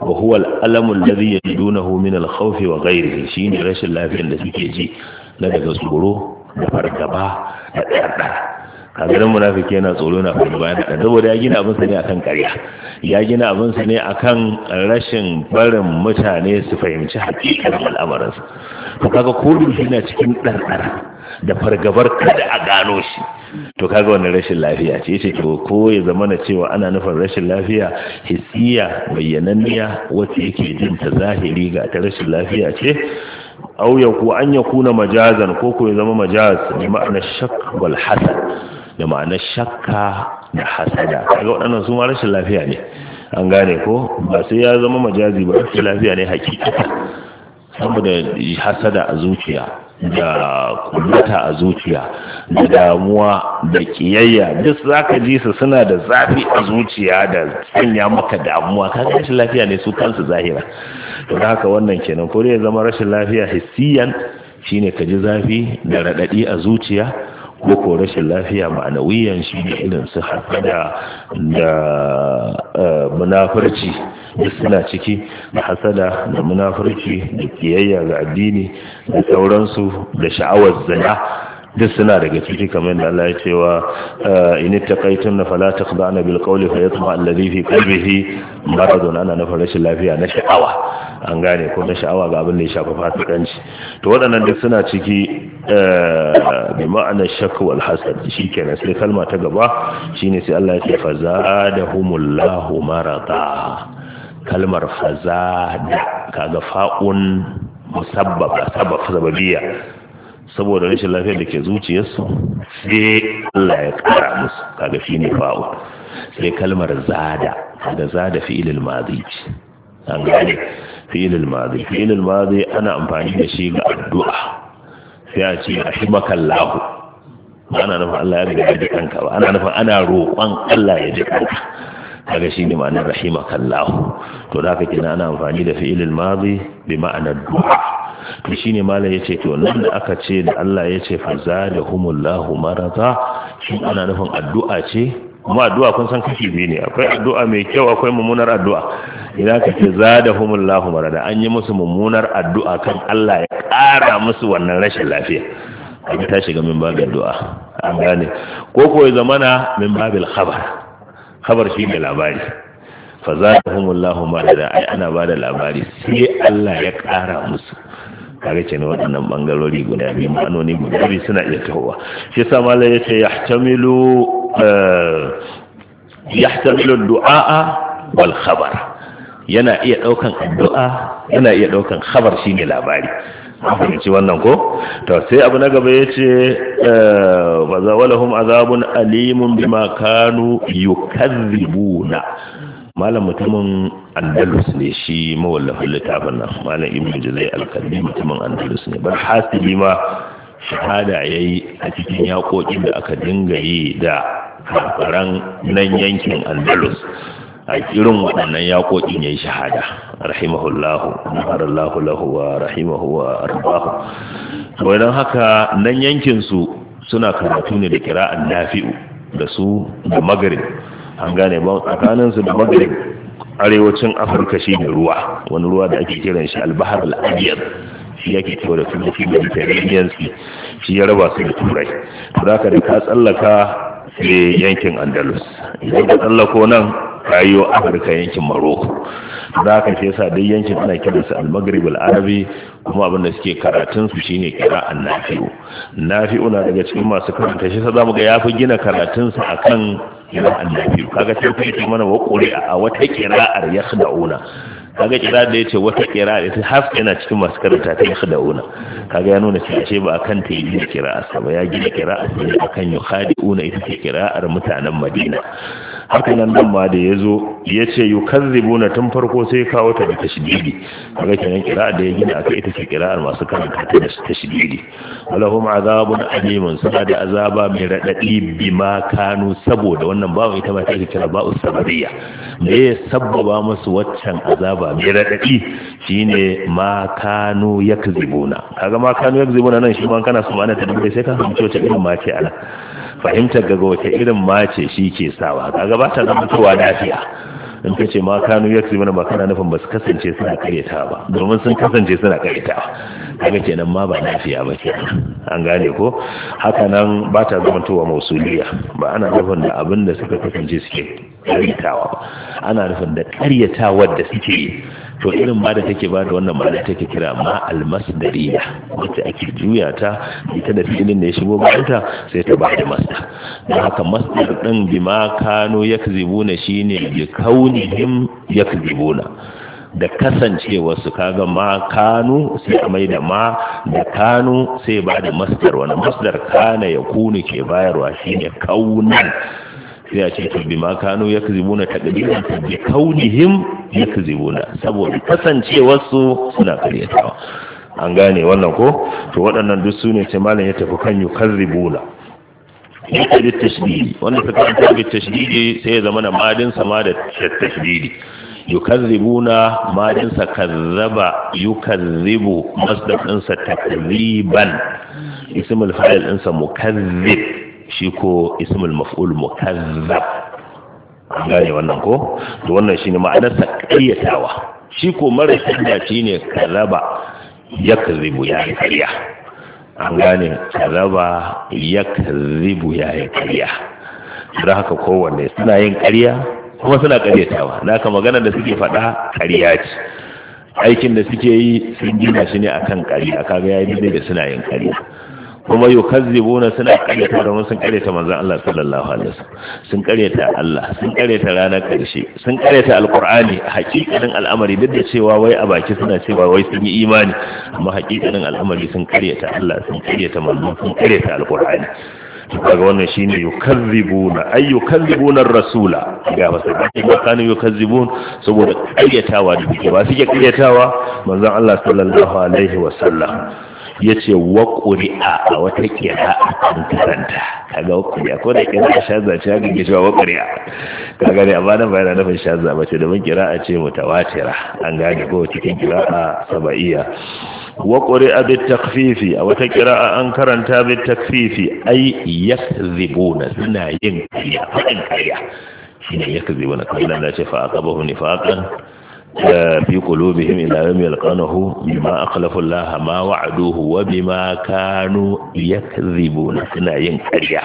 wa huwa al'alamun da zai yi duna min al wa gairi shi ne rashin lafiyan da suke ji na daga tsoro da fargaba da ɗarɗar kagarin munafiki yana tsoro na fargaba da ɗarɗar saboda ya gina abinsa ne akan karya. ya gina abinsa ne akan rashin barin mutane su fahimci hakikar al'amuransu to kaga kodin shi na cikin ɗarɗar da fargabar kada a gano shi to kaga wani rashin lafiya ce ce ko ko ya zama na cewa ana nufin rashin lafiya hisiya bayyananniya wacce yake jin ta zahiri ga ta rashin lafiya ce aw yaku an yakuna majazan ko ko ya zama majaz wal hasad da ma'ana shakka da hasada kaga wadannan su ma rashin lafiya ne an gane ko ba sai ya zama majazi ba rashin lafiya ne hakika saboda hasada a zuciya da kubuta a zuciya da damuwa da kiyayya duk zaka ji su suna da zafi a zuciya da sanya maka damuwa kaga rashin lafiya ne su kansu zahira to da haka wannan kenan ko dai zama rashin lafiya hissiyan shine ka ji zafi da raɗaɗi a zuciya ko ko rashin lafiya ma'anawiyan shi ne irin su hasada da eh, munafurci da suna ciki da hasada da munafurci da kiyayya ga addini da sauransu da sha'awar zina duk suna daga ciki kamar da Allah ya cewa eh, in taqaitun na fala taqdana bil qawli fa yatma alladhi fi qalbihi maradun ana na rashin lafiya na sha'awa an gane ko na sha'awa ga abin da ya shafi fasikanci to waɗannan duk suna ciki eh, bi ma'anar shakku wal hasad kenan sai kalma ta gaba shine sai Allah ya ce fazadahumullahu marada kalmar fazada kaga fa'un musabbab sabab sababiyya saboda rashin lafiyar da ke zuciyarsu sai Allah ya kara musu kaga shi ne fa'u sai kalmar zada kaga zada fi'ilil madi an gane fi'ilul madi fi'ilul madi ana amfani da shi ga addu'a sai a ce rahimakallahu ana nufin Allah ya riga ji kanka ba ana nufin ana roƙon Allah ya ji kanka kaga shi ne ma'anar rahimakallahu to da haka na ana amfani da fi'ilul madi bi ma'anar du'a to shine malam yace to nan da aka ce da Allah yace fa zadahumullahu marada shi ana nufin addu'a ce kuma addu'a kun san kashi biyu ne akwai addu'a mai kyau akwai mummunar addu'a idan ka ce zadahumullahu marada an yi musu mummunar addu'a kan Allah ya ƙara musu wannan rashin lafiya a ta shiga min babin addu'a an gane ko ko zamana min babil khabar khabar shi ne labari fa zadahumullahu marada ai ana da labari sai Allah ya ƙara musu kare ce ne waɗannan bangarori guda biyu ma'anoni guda biyu suna iya tahowa shi sa malai ya ce ya eh, yahtamilu du'a'a wal khabar yana iya ɗaukan addu'a yana iya ɗaukan khabar ne labari fahimci wannan ko ta sai abu na gaba ya za eh, wa zawalahum azabun alimun bima kanu yukazzibuna malam mutumin andalus ne shi mawallafin littafin nan malam ibn juzai alkalmi mutumin andalus ne bar hasili ma shahada ya yi a cikin yaƙoƙin da aka dinga yi da kafaran nan yankin andalus a irin waɗannan yaƙoƙin ya yi shahada rahimahullahu maharallahu lahu wa rahimahu wa arbahu wai don haka nan yankinsu suna karatu ne da kira'an nafi'u da su da magrib an gane ba tsakaninsu da magrib arewacin afirka shi ne ruwa wani ruwa da ake kiran shi albahar al'adiyar shi yake kyau da turanci da mediterranean shi ya raba su da turai ka da ka tsallaka ne yankin andalus idan ka tsallako nan kayo afirka yankin maroko da ka fi yasa dai yankin ana kiransa al-maghrib al-arabi kuma abinda suke karatun su shine qira'an nafi'u nafi'u na daga cikin masu karanta shi sai zamu ga yafi gina karatun sa akan kira annabi kaga sai kai ce mana wa qur'a a wata qira'ar yakhda'una kaga kira da yace wata kira da haf yana cikin masu karanta ta yakhda'una kaga ya nuna cewa ce ba akan ta yi kira ba ya gina kira akan yukhadi'una ita ce kira'ar mutanen Madina haka nan dan ma da yazo yace yukazzibuna tun farko sai kawo ta da tashdidi kaga kenan kira da ya gina aka ita ce kira'ar masu kan ta da tashdidi walahum azabun alimun suna da azaba mai radadi bima kanu saboda wannan babu ita ma ta kira ba sabariya me ya sabbaba musu waccan azaba mai radadi shine ma kanu yakzibuna kaga ma kanu yakzibuna nan shi ma kana ma wa ta'ala sai ka fahimci wata irin ma ce ala fahimtar ga wata irin mace shi ke sawa kaga ba ta zama tuwa lafiya in ka ce ma kanu ya mana ba kana nufin ba su kasance suna karyata ba domin sun kasance suna karyata kaga kenan ma ba lafiya ba ke an gane ko haka nan ba ta tuwa mausuliya ba ana nufin da abin da suka kasance suke karyatawa ba ana nufin da karyatawar da suke yi to irin ba da take ba da wannan ma'ana take kira ma almasdariya wacce ake juya ta ita da filin da ya shigo bayanta sai ta ba da masdar don haka masdar din ma kano yakzibuna shine bi kaunihim yakzibuna da su kaga ma Kano sai a mai da ma da Kano sai ba da masdar wani masdar kana ya kunu ke bayarwa shine kaunan sai a ce to bi ma kanu yakzibuna ta bi kaunihim na, saboda kasancewar su suna karyatawa an gane wannan ko to waɗannan duk su ne sai malam ya tafi kan yukarribuna yake da tashdidi wanda ta karanta bi tashdidi sai ya zama na madin sama da tashdidi yukazzibuna madin sa kazzaba yukarribu masdar din sa takriban ismul fa'il ɗinsa sa mukazzib shi ko ismul maf'ul mukazzab gane wannan ko to wannan shine ma'anar sa kiyatawa shi ko mara tanda shine kazaba yakzibu ya kariya an gane kazaba yakzibu ya kariya da haka kowanne suna yin kariya kuma suna kariyatawa da haka magana da suke faɗa kariya ce aikin da suke yi sun gina shi ne akan kariya kaga yayi daidai da suna yin kariya kuma yukazzibuna suna karyata domin sun karyata manzan Allah sallallahu alaihi wasallam sun karyata Allah sun karyata ranar karshe sun karyata alqur'ani hakikanin al'amari duk da cewa wai a baki suna cewa wai sun yi imani amma hakikanin al'amari sun karyata Allah sun karyata manzon sun karyata alqur'ani kaga wannan shine yukazzibuna ay yukazzibuna ar-rasula ga ba sai ba kanu yukazzibun saboda karyatawa da ba suke karyatawa manzon Allah sallallahu alaihi wasallam ya ce wa ƙuri'a a wata kira a kan karanta kaga wa ƙuri'a ko da kira a shaza ce haka ke cewa wa ƙuri'a kaga ne amma nan bayan nufin shaza ba ce domin kira a ce mutawatira an gane ko cikin kira a saba'iya wa ƙuri'a bi takfifi a wata kira a an karanta bi takfifi ai zibuna suna yin ƙarya faɗin ƙarya shine yakzibuna kamar da ce fa aqabahu nifaqan fi qulubihim ila yawmi yalqanahu bima akhlafu Allah ma wa'aduhu wa bima kanu yakdhibuna suna yin ƙarya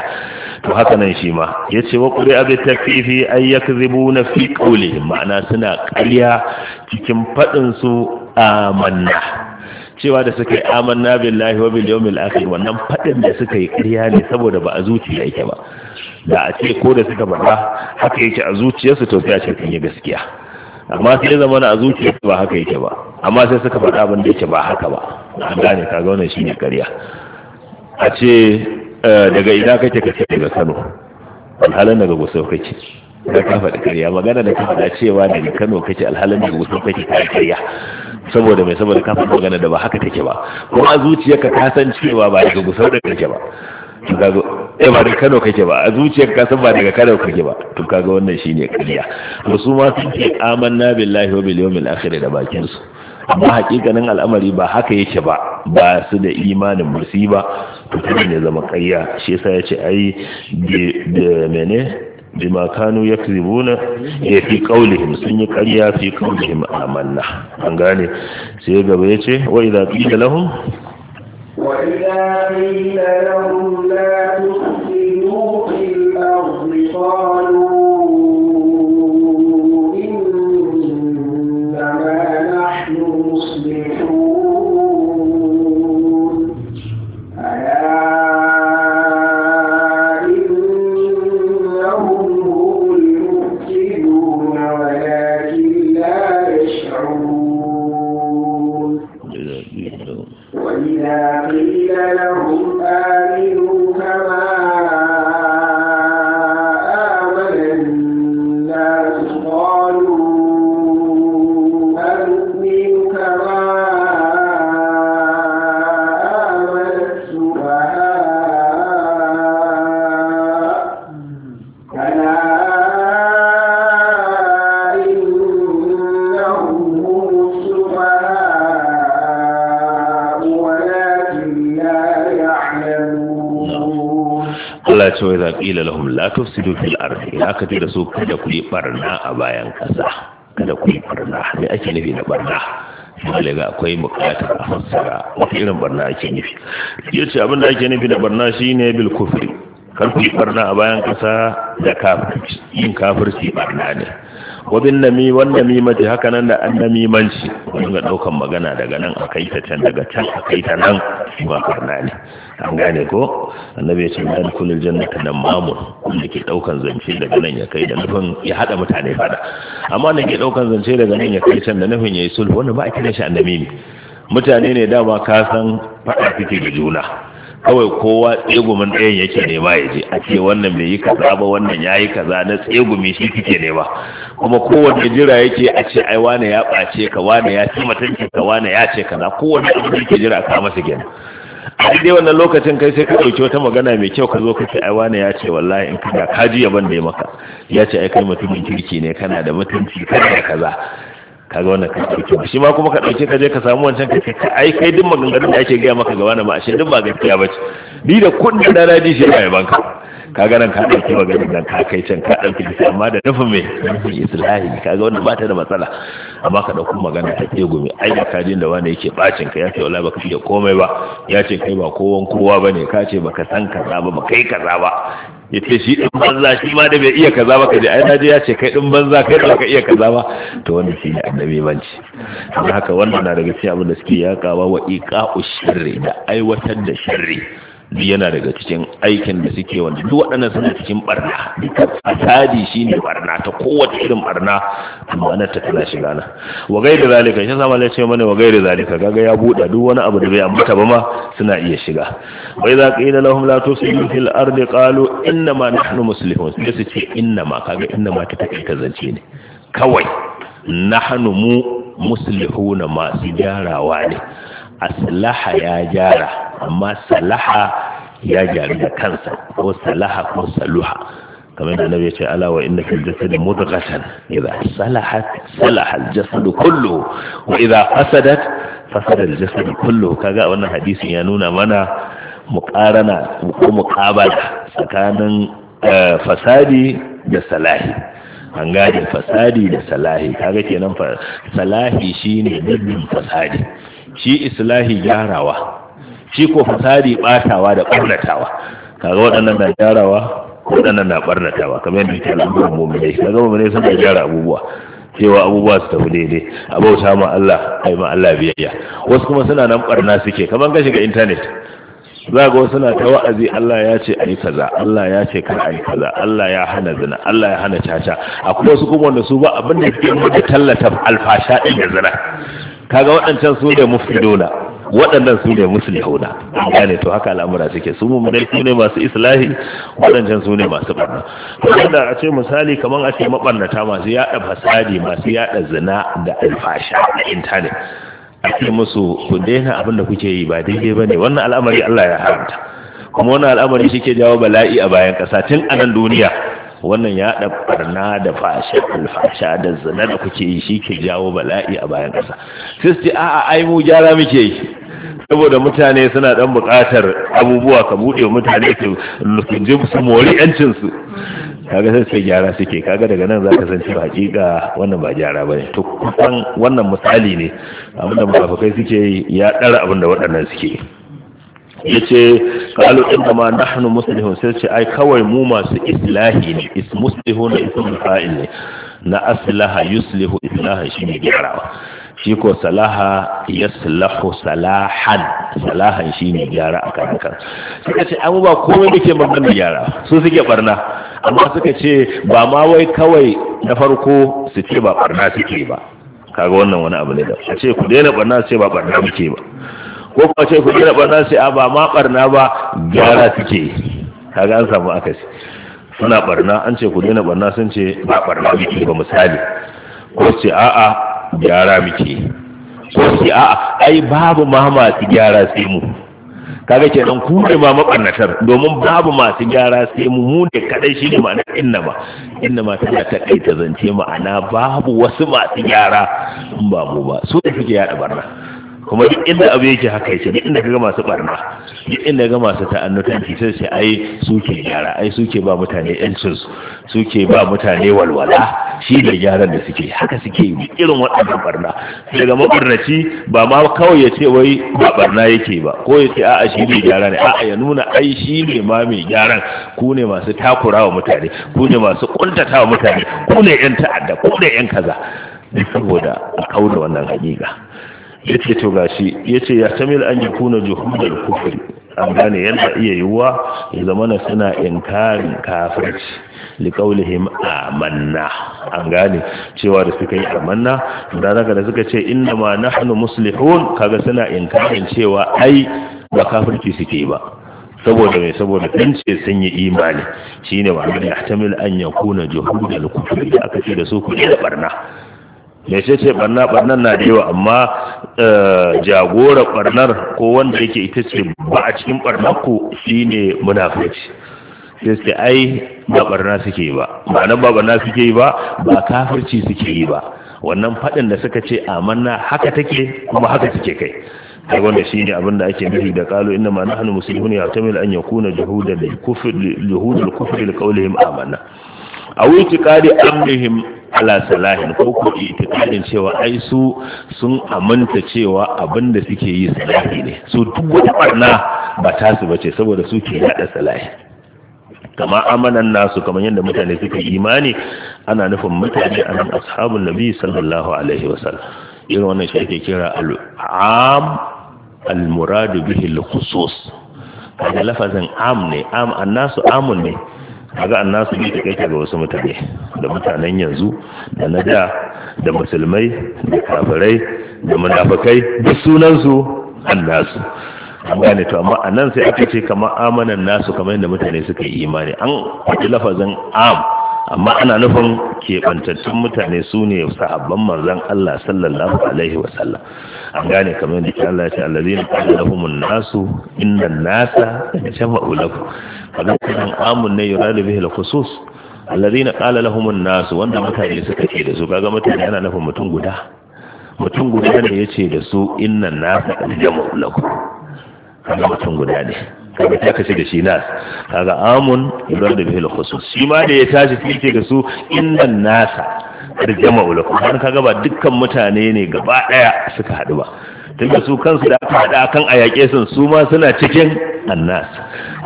to haka nan shi ma yace wa qul abi tafifi ay yakdhibuna fi qulihim ma'ana suna ƙarya cikin fadin su amanna cewa da suka yi amanna billahi wa bil yawmil akhir wannan fadin da suka yi ƙarya ne saboda ba a zuciya yake ba da a ce ko da suka faɗa haka yake a zuciyarsu to sai a ce kun yi gaskiya amma sai zama na a zuciya ba haka yake ba amma sai suka faɗa abin da yake ba haka ba an gane ka ga wannan shine ƙarya a ce eh, daga ina kake kace daga Kano alhalin daga Gusau kake da ka faɗi ƙarya magana da ka faɗa cewa daga Kano kake alhalin daga Gusau kake ka ƙarya saboda mai saboda ka faɗi magana da ba haka take ba kuma zuciyarka ka san cewa ba daga Gusau da kake ba to kaga eh ba da Kano kake ba a zuciyar ka san ba daga Kano kake ba to kaga wannan shine kariya to su ma sun ce amanna billahi wa bil yawmil akhir da bakin su amma hakikanin al'amari ba haka yake ba ba su da imanin musiba to kuma ne zama kariya shi yasa yace ai da mene bima kanu yakzibuna ya eh, fi qaulihim sun yi ƙarya fi qaulihim amanna an gane sai gaba yace wa idza qila lahum وإذا قيل لهم لا تفسدوا في الأرض قالوا la tufsidu fil ardi la ce da su kada ku yi barna a bayan kasa kada ku yi barna me ake nufi da barna dole ga akwai bukatar a fassara wata irin barna ake nufi yace abin da ake nufi da barna shine bil kufri kar ku yi barna a bayan kasa da kafirci yin kafirci barna ne wabin nami wannan mimaci haka nan da an namimanci wani ga daukan magana daga nan a kai ta can daga can a kai ta nan ba barna ne an gane ko annabi ya ce na kulul jannata da mamun wanda ke daukan zance daga nan ya kai da nufin ya hada mutane fada amma wanda ke daukan zance daga nan ya kai can da nufin ya yi sulhu wanda ba a kiran shi annabi ne mutane ne dama ka san fada suke da juna kawai kowa tsegumin ɗayan yake nema ya je a ce wannan bai yi kaza ba wannan ya yi kaza na tsegumi shi kike nema kuma kowane jira yake a ce ai wane ya ɓace ka wane ya ci mutunci ka wane ya ce kaza kowane abin da yake jira ka masa kenan a dai wannan lokacin kai sai ka ɗauki wata magana mai kyau ka zo ka ce ai wani ya ce wallahi in ka ka ji yaban da ya maka ya ce ai kai mutumin kirki ne kana da mutunci kana da kaza ga wannan ka ɗauki shi ma kuma ka ɗauke ka je ka samu wancan ka ce ai kai duk maganganun da ake gaya maka ga wani ma ashe duk ba gaskiya ba ce ni da kuɗin da na ji shi ba banka ka ga nan ka ɗauki maganin nan ka kai can ka ɗauki amma da nufin me nufin islahi kaga wannan ba ta da matsala amma ka ɗauko magana ta ke gumi ai da kajin da wani yake bacin ka ya ce wala baka fiye komai ba ya ce kai ba kowan kowa ba ne ka ce baka san kaza ba ba kai kaza ba ya ce shi ɗin banza shi ma da bai iya kaza ba ka je ai na je ya ce kai ɗin banza kai da baka iya kaza ba to wannan shi ne annabi banci amma haka wannan na daga cikin abin da suke yakawa wa iqa'u sharri da aiwatar da sharri yana daga cikin aikin da suke wanda duk waɗannan suna cikin barna shi ne barna ta kowace irin barna ma'ana ta tana shiga na wa gaida zalika shi sama lai ce mana wa gaida zalika kaga ya buɗa duk wani abu da bai ambata ba ma suna iya shiga Bai za ka yi da lahum su yi fil ardi qalu inna ma nahnu muslimun sai su ce inna ma kaga inna ma ta take ta zance ne kawai nahnu mu muslihuna masu gyarawa ne aslaha ya gyara amma salaha ya gyaru da kansa ko salaha ko saluha kamar da nabi ya ce ala wa inna fil jasad mudghatan idha salahat salaha al jasad kullu wa idha fasadat fasada al jasad kullu kaga wannan hadisin ya nuna mana muqarana ko muqabala tsakanin eh, fasadi da salahi an gane fasadi da salahi kaga kenan salahi shine dubbin fasadi shi islahi gyarawa shi ko fasadi batawa da ɓarnatawa kaga waɗannan na gyarawa waɗannan na ɓarnatawa kamar yadda ke al'amuran mummune kaga mummune sun da gyara abubuwa cewa abubuwa su tafi daidai a bauta ma Allah ai ma Allah biyayya wasu kuma suna nan barna suke kamar gashi ga intanet za ga wasu suna ta wa'azi Allah ya ce ai kaza Allah ya ce kar ai kaza Allah ya hana zina Allah ya hana caca akwai wasu kuma wanda su ba abin da ke mu da tallata alfasha din da zina kaga waɗancan su da mufidona waɗannan su ne musulihuna gane to haka al'amura suke su mu dai su ne masu islahi waɗancan su ne masu barna wanda a ce misali kamar a ce mabarnata masu yaɗa fasadi masu yaɗa zina da alfasha a intanet a ce musu ku daina abin da kuke yi ba daidai ba ne wannan al'amari Allah ya haramta kuma wannan al'amari shi ke jawo bala'i a bayan ƙasa tun anan duniya wannan yaɗa barna da fashe alfasha da zina da kuke yi shi ke jawo bala'i a bayan ƙasa sai a a'a ai mu gyara muke yi saboda mutane suna dan buƙatar abubuwa ka buɗe mutane nufin ji su mori 'yancinsu. kaga sai sai gyara suke kaga daga nan zaka san cewa hakika wannan ba gyara bane to kusan wannan misali ne abinda mutafakai suke ya dara abinda waɗannan suke ya ce kalu inda ma nahnu muslihun sai ce ai kawai mu masu islahi ne is muslihun ismul fa'il ne na aslaha yuslihu islaha shi ne gyarawa shi ko salaha yaslahu salahan salahan shi ne gyara a kan suka ce an ba komai da ke maganar gyara su suke barna amma suka ce ba ma wai kawai na farko su ce ba barna suke ba kaga wannan wani abu ne da a ce ku daina barna su ce ba barna ke ba ko kuma ce ku daina barna su ce ba ma barna ba gyara suke kaga an samu akasi suna barna an ce ku daina barna sun ce ba barna ke ba misali ko ce a'a gyara muke so sai a'a ai babu ma masu gyara sai mu kaga kenan ku ne ma mabannatar domin babu masu gyara sai mu mu ne kadai shi ne ma'ana inna ma inna ma tana ta zance ma'ana babu wasu masu gyara in ba mu ba su da suke yada barna kuma duk inda abu yake haka yake duk inda kaga masu barna duk inda ga masu ta'annutanci sai sai ai suke gyara ai suke ba mutane yancin suke ba mutane walwala shi da gyaran da suke haka suke yi irin waɗannan barna daga mabarnaci ba ma kawai ya ce wai ba barna yake ba ko ya ce a'a shi ne gyara ne a'a ya nuna ai shi ne ma mai gyaran ku ne masu takura wa mutane ku ne masu kuntata mutane ku ne yan ta'adda ku ne yan kaza saboda a kauda wannan hakika yake to gashi yace ya tamil an kuna juhudul kufri an gane yana iya yiwuwa ya zama na suna inkarin kafirci liƙaulihim amanna an gane cewa da suka yi amanna da daga da suka ce inna ma nahnu muslihun kaga suna inkarin cewa ai ba kafirci suke ba saboda mai saboda dan ce sun yi imani shine ba ya tamil an yakuna juhudul kufri aka ce da su ku da barna Mai ce barna barnar na da yawa amma eh, jagora barnar ko wanda yake ita ce ba a cikin barnar ku shine munafurci sai sai ai ba barna suke yi ba ba nan ba barna suke yi ba ba kafirci suke yi ba wannan faɗin da suka ce amanna haka take kuma haka suke kai ai wanda shi ne abin da ake nufi da kalu inna ma nahnu muslimun ya tamil an yakuna juhudal kufr juhudal li qawlihim amanna a wuce kari amrihim ala salahin ko ko itikadin cewa ai su sun amanta cewa abinda suke yi salahi ne su duk wata barna ba ta su bace saboda su ke yada salahi kama amanan nasu kamar yadda mutane suka imani ana nufin mutane anan ashabun nabi sallallahu alaihi wasallam irin wannan shi ake kira al-am al-murad bihi al-khusus kaga lafazin am ne am annasu amun ne Aga annasu ne ta kai ga wasu mutane da mutanen yanzu da na da da musulmai da kafirai da munafakai, da sunansu, an annasu gane to amma anan sai aka ce kamar amanan nasu kamar yadda mutane suka yi imani an kwaci lafazin am amma ana nufin keɓantattun mutane su ne sahabban manzan Allah sallallahu alaihi wasallam an gane kamar da Allah ya ce allazina qala lahumun nasu inda nasa jama'u ulaku kaga kan amun ne bihila kusus al-khusus allazina qala lahumun nasu wanda mutane suka ce da su kaga mutane ana nufin mutum guda mutum guda ne yace da su innan nasa jama'u lakum kaga mutum guda ne kaga ta kace da shi nas kaga amun yurad da al-khusus shi ma da ya tashi fice ga su innan nasa tarjama ulakum har kaga ba dukkan mutane ne gaba daya suka hadu ba tunda su kansu da aka hada kan ayake sun su ma suna cikin annas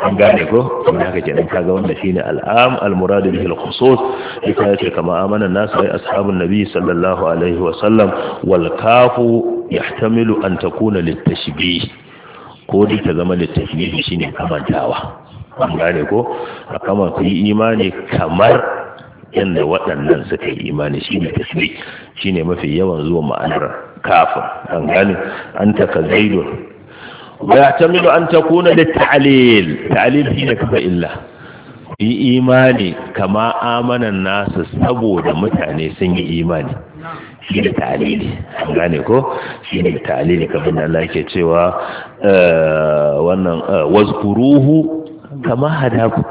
an gane ko kuma haka kenan kaga wanda shine al'am al-murad bihi al-khusus yake yace kama amana nasu ay ashabun nabi sallallahu alaihi wa sallam wal kafu yahtamilu an takuna litashbih ko dai ta zama littafi ne kamantawa an gane ko a kama ku yi imani kamar yadda waɗannan suka yi imani shi ne tasiri, shi ne mafi yawan zuwa ma'anar kafin an gane an taka ta kuna da ta'alil ta'alil, shi ne kafa illa, yi imani kama amanan nasu saboda mutane sun yi imani shi ne ta'alili an gane ko shi ne ta'alili kamar da Allah ke cewa eh, wannan eh, wazkuruhu kama hadaku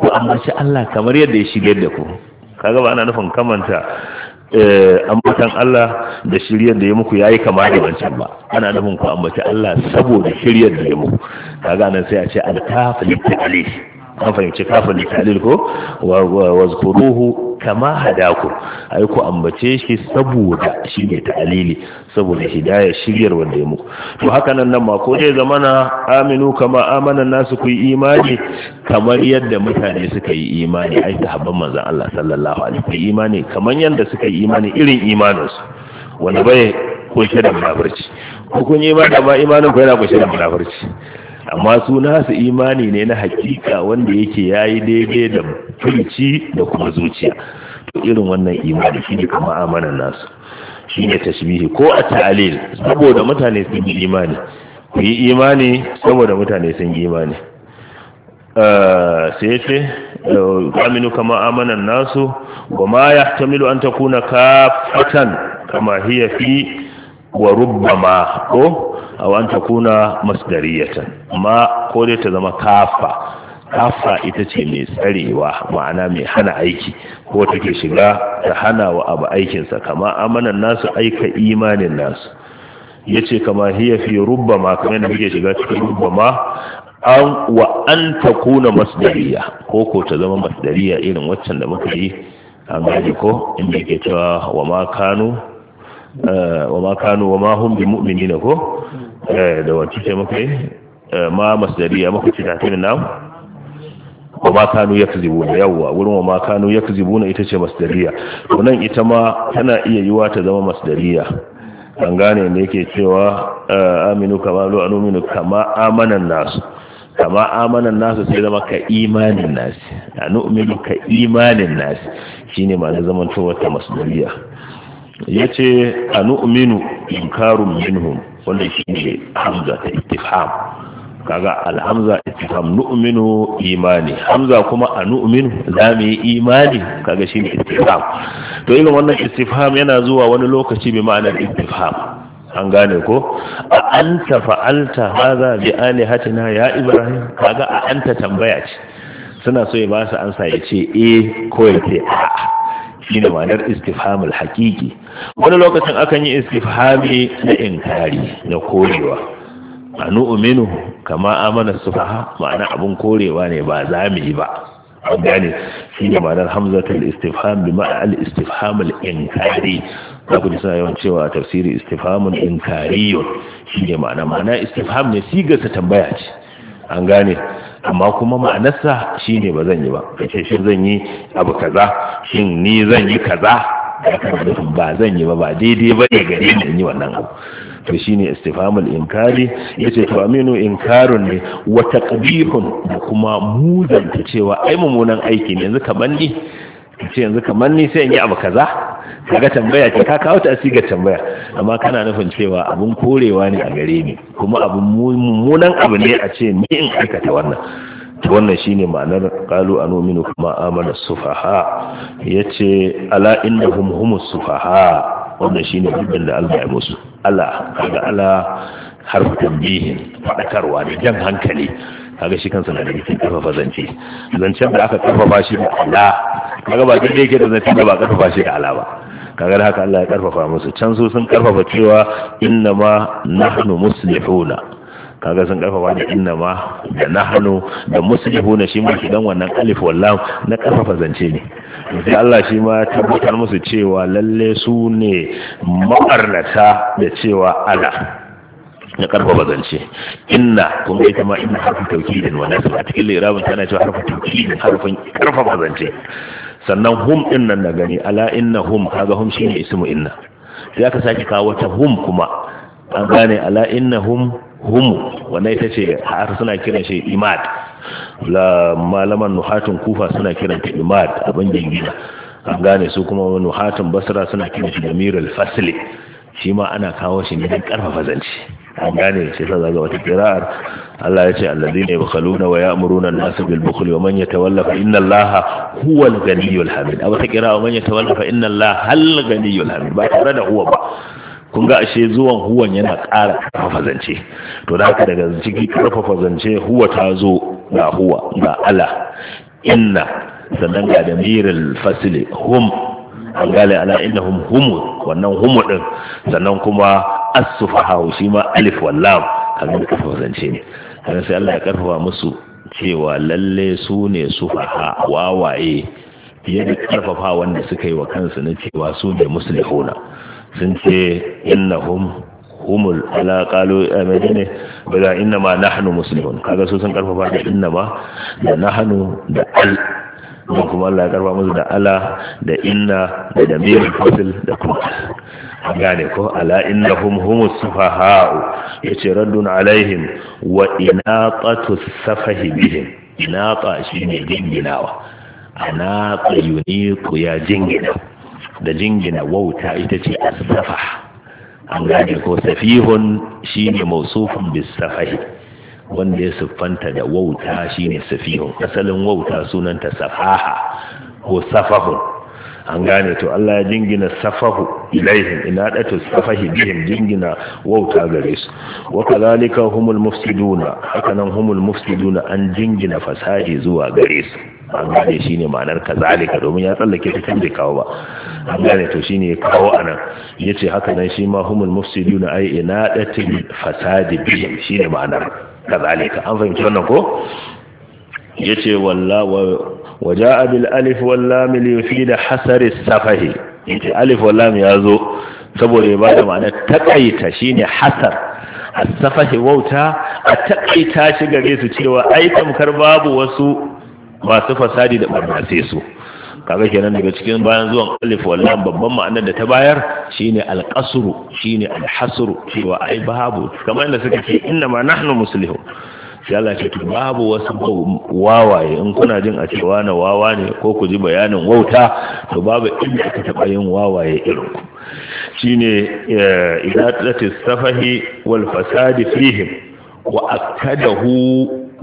ku ambaci Allah kamar yadda ya shigar da ku kaga ba ana nufin kamanta eh, ambatan Allah da shiryar da ya muku yayi kama da wancan ba ana nufin ku ambaci Allah saboda shiryar da ya muku kaga nan sai a ce al-kafil ta'alil an fahimci kafin talil ko wa wazkuruhu kama hadaku ai ku ambace shi saboda shi ne ta'alili saboda hidayar shiryar wanda ya muku to haka nan nan ma ko dai zamana aminu kama amana nasu ku yi imani kamar yadda mutane suka yi imani ai sahabban manzon Allah sallallahu alaihi wasallam imani kamar yadda suka yi imani irin imaninsu wanda bai kunshe da munafurci ko kun yi da amma imanin ku yana kunshe da munafurci amma su nasu imani ne na hakika wanda yake yayi daidai da furici da kuma zuciya to irin wannan imani shi ne kuma amanan nasu shi ne tashbihi ko a ta'alil saboda mutane sun yi imani ku yi imani saboda mutane sun yi imani eh, sai ce eh, aminu kama amanan nasu ba ma ya tamilu an ta kuna kafatan kama hiya fi wa ma ko aw ta kuna masdariyatan ma ko dai ta zama kafa kafa ita ce mai tsarewa ma'ana mai hana aiki ko take shiga ta hana wa abu aikinsa kama amanan nasu aika imanin nasu ya ce kama hiya fi rubba kamar da muke shiga cikin rubba ma an wa an ta kuna masdariya ko ko ta zama masdariya irin waccan da muka yi an gaji ko inda ke cewa wa ma kanu Eh, wa ma kanu wa ma hum bi mu'minina ko eh, da wacce ce muke ma eh, ma masdariya muke ci tafin nan wa ma kanu yakzibuna yawwa wurin wa ma kanu yakzibuna ita ce masdariya to nan ita ma tana iya yiwa ta zama masdariya an gane ne yake cewa aminu kama lu aminu kama amanan nasu kama amanan nasu sai zama ka imanin nasu anu'minu ka imanin nasu shine ma zaman tawata masdariya ya ce a nu'minu inkarun minhum wanda shi ne hamza ta itifam kaga alhamza itifam nu'minu imani hamza kuma a nu'minu za mu yi imani kaga shi ne itifam to irin wannan itifam yana zuwa wani lokaci mai ma'anar itifam an gane ko a an ta fa'alta hadha bi alihatina ya ibrahim kaga a an ta tambaya ce suna so ya ba su ansa ya ce eh ko ya ce a'a shi ne ma'anar istifhamul haqiqi wani lokacin akan yi istifhami na inkari na korewa a nu'uminu kama amana sufaha ma'ana abun korewa ne ba za mu yi ba an gane shi ne ma'anar hamzatul istifham bi al istifhamul inkari za ku ji suna yawan cewa tafsiri istifhamun inkariyun shi ne ma'ana ma'ana istifham ne sigarsa tambaya ce an gane amma kuma ma'anarsa shine ba zan yi ba kace shi zan yi abu kaza shin ni zan yi kaza ba zan yi ba ba daidai ba ne gare ni yi wannan abu to ne istifamul inkari yace to aminu inkarun ne wata ƙabihun. da kuma muzanta cewa ai mummunan aiki ne yanzu kamar ni ce yanzu kamar ni sai in yi abu kaza kaga tambaya ce ka kawo ta ga tambaya amma kana nufin cewa abun korewa ne a gare ni kuma abun mummunan abu ne a ce ni in aikata wannan to wannan shine ma'anar qalu anu'minu kuma amana sufaha yace ala innahum humus sufaha wannan shine dukkan da Allah ya musu Allah kaga Allah harfu tambihin fadakarwa ne jan hankali kaga shi kansa na da cikin karfafa zance zancen da aka karfafa shi da ala kaga ba duk da yake da zance da ba karfafa shi da ala ba kaga haka Allah ya karfafa musu can su sun karfafa cewa inna ma nahnu muslihuna kaga sun karfafa da inna ma da nahnu da muslihuna shi ma dan wannan alif wallahi na karfafa zance ne sai Allah shi ma tabbatar musu cewa lalle su ne ma'arnata da cewa ala na ba zance inna kun ga kama inna harfi taukidin wa su a cikin lirabin tana cewa harfi taukidin harfin ba zance sannan hum innan na gani ala inna hum kaga hum shine ismu inna sai aka sake kawo ta hum kuma an gane ala inna hum hum wannan ita ce har suna kiran shi imad la malaman nuhatun kufa suna kiran ta imad abin gina an gane su kuma nuhatun basra suna kiran shi damir al shi ma ana kawo shi ne don karfafa zance an gane shi sa zaga wata kira'ar Allah ya ce alladine ne wa ya'muruna an-nasa bil bukhli wa man yatawalla fa inna Allaha huwa al-ghaniyyul hamid aba ta wa man yatawalla fa inna Allaha hal ghaniyyul hamid ba tare da huwa ba kun ga ashe zuwan huwan yana ƙara karfafa zance to da haka daga ciki karfafa zance huwa ta zo ga huwa ga Allah inna sannan ga damirul fasili hum an gane ala innahum humu wannan humu din sannan kuma as-sufaha shi ma alif wal lam kaga da kafa zance ne har sai Allah ya karfafa musu cewa lalle su ne sufaha wawaye fiye da karfafa wanda suka yi wa kansu na cewa su ne muslihuna sun ce innahum humul ala qalu amadine eh, bala inna ma nahnu muslimun kaga su sun karfafa da inna ma da nahnu da al da kuma Allah ya karba musu da ala da inna da damir fasil da kuma A gane ko ala innahum humus sufaha'u ce raddun alaihim wa inaqatu safahi bihim inaqa shine jinginawa ana ku ya jingina da jingina wauta ita ce a safah an gane ko safihun shine mausufun bis safahi wanda ya siffanta da wauta shine safihun asalin wauta sunanta safaha ko safahun an gane to Allah ya jingina safahu ilaihin ina datu safahi bihim jingina wauta gare su wa kadhalika humul mufsiduna hakanan humul mufsiduna an jingina fasahi zuwa gare su an gane shine ma'anar kazalika domin ya tsallake ta kan kawo ba an gane to shine ya kawo anan yace hakanan shi ma humul mufsiduna ai ina datu fasadi bihim shine ma'anar kazalika an fahimci wannan ko yace walla wa jaa bil alif wal lam li yufida hasari safahi yace alif wal lam yazo saboda ya bada ma'ana takaita shine hasar as-safahi wauta a takaita shi gare su cewa aikam kar babu wasu masu fasadi da barna su kaga kenan daga cikin bayan zuwan alif wallan babban ma'anar da ta bayar shine alqasru shine alhasru cewa ai babu kamar inda suka ce inna ma nahnu muslimun sai Allah ce babu wasu wawaye in kuna jin a cewa na wawa ne ko ku ji bayanin wauta to babu inda aka taba yin wawaye irin ku shine eh, idatatis safahi wal fasadi fihim wa akadahu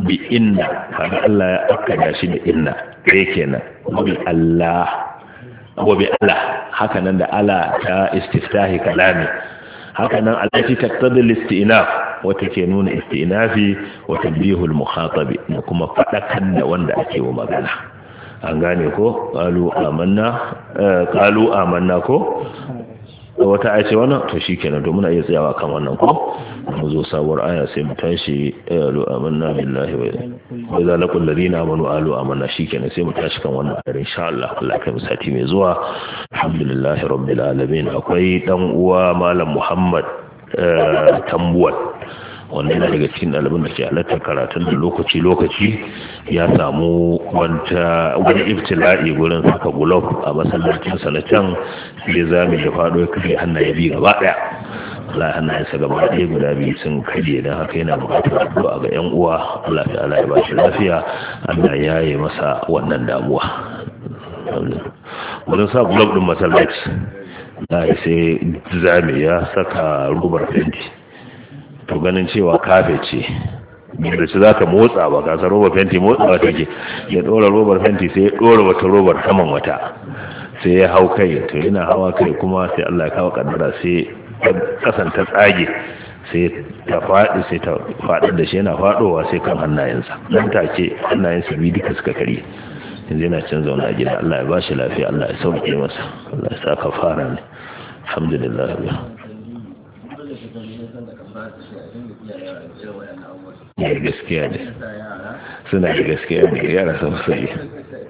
bi inna kaga Allah ya akada shi da inna ɗaya kenan wabi Allah wabi Allah haka nan da Allah ta istiftahi kalami haka nan alati taqtadil istinaf wata ke nuna istinafi wa tablihul mukhatabi da kuma faɗakan da wanda ake wa magana an gane ko qalu amanna eh, qalu amanna ko wata aya ce wannan to shi kenan domin a iya tsayawa kan wannan ko mu zo sabuwar aya sai mu tashi alu eh, amanna billahi wa wa laqul alladhina amanu alu amanna shi kenan sai mu tashi kan wannan ayar insha Allah Allah kai sati mai zuwa alhamdulillahi rabbil alamin akwai dan uwa malam Muhammad eh, tambuwal wanda yana daga cikin ɗaliban da ke halarta karatun da lokaci-lokaci ya samu wani iftila'i gurin saka gulof a masallacin sa na can sai zami da faɗo ya kashe hannaye biyu gaba ɗaya Allah sa gaba ɗaya guda biyu sun karye don haka yana buƙatar addu'a ga 'yan uwa Allah Allah ya ba shi lafiya Allah ya yi masa wannan damuwa. Wurin sa gulof ɗin masallaci. sai zame ya saka rubar fenti to ganin cewa kafe ce da ci za ka motsa ba gasar robar fenti motsa ba take ya ɗora robar fenti sai ya ɗora wata robar saman wata sai ya hau kai to yana hawa kai kuma sai Allah ya kawo kaddara sai kasan ta tsage sai ta faɗi sai ta faɗi da shi yana faɗowa sai kan hannayensa nan take hannayensa bi duka suka kare yanzu yana canza zauna a gida Allah ya ba shi lafiya Allah ya sauke masa Allah ya sa ka fara ne alhamdulillah ne gaskiya ne suna da gaskiya ne yara sun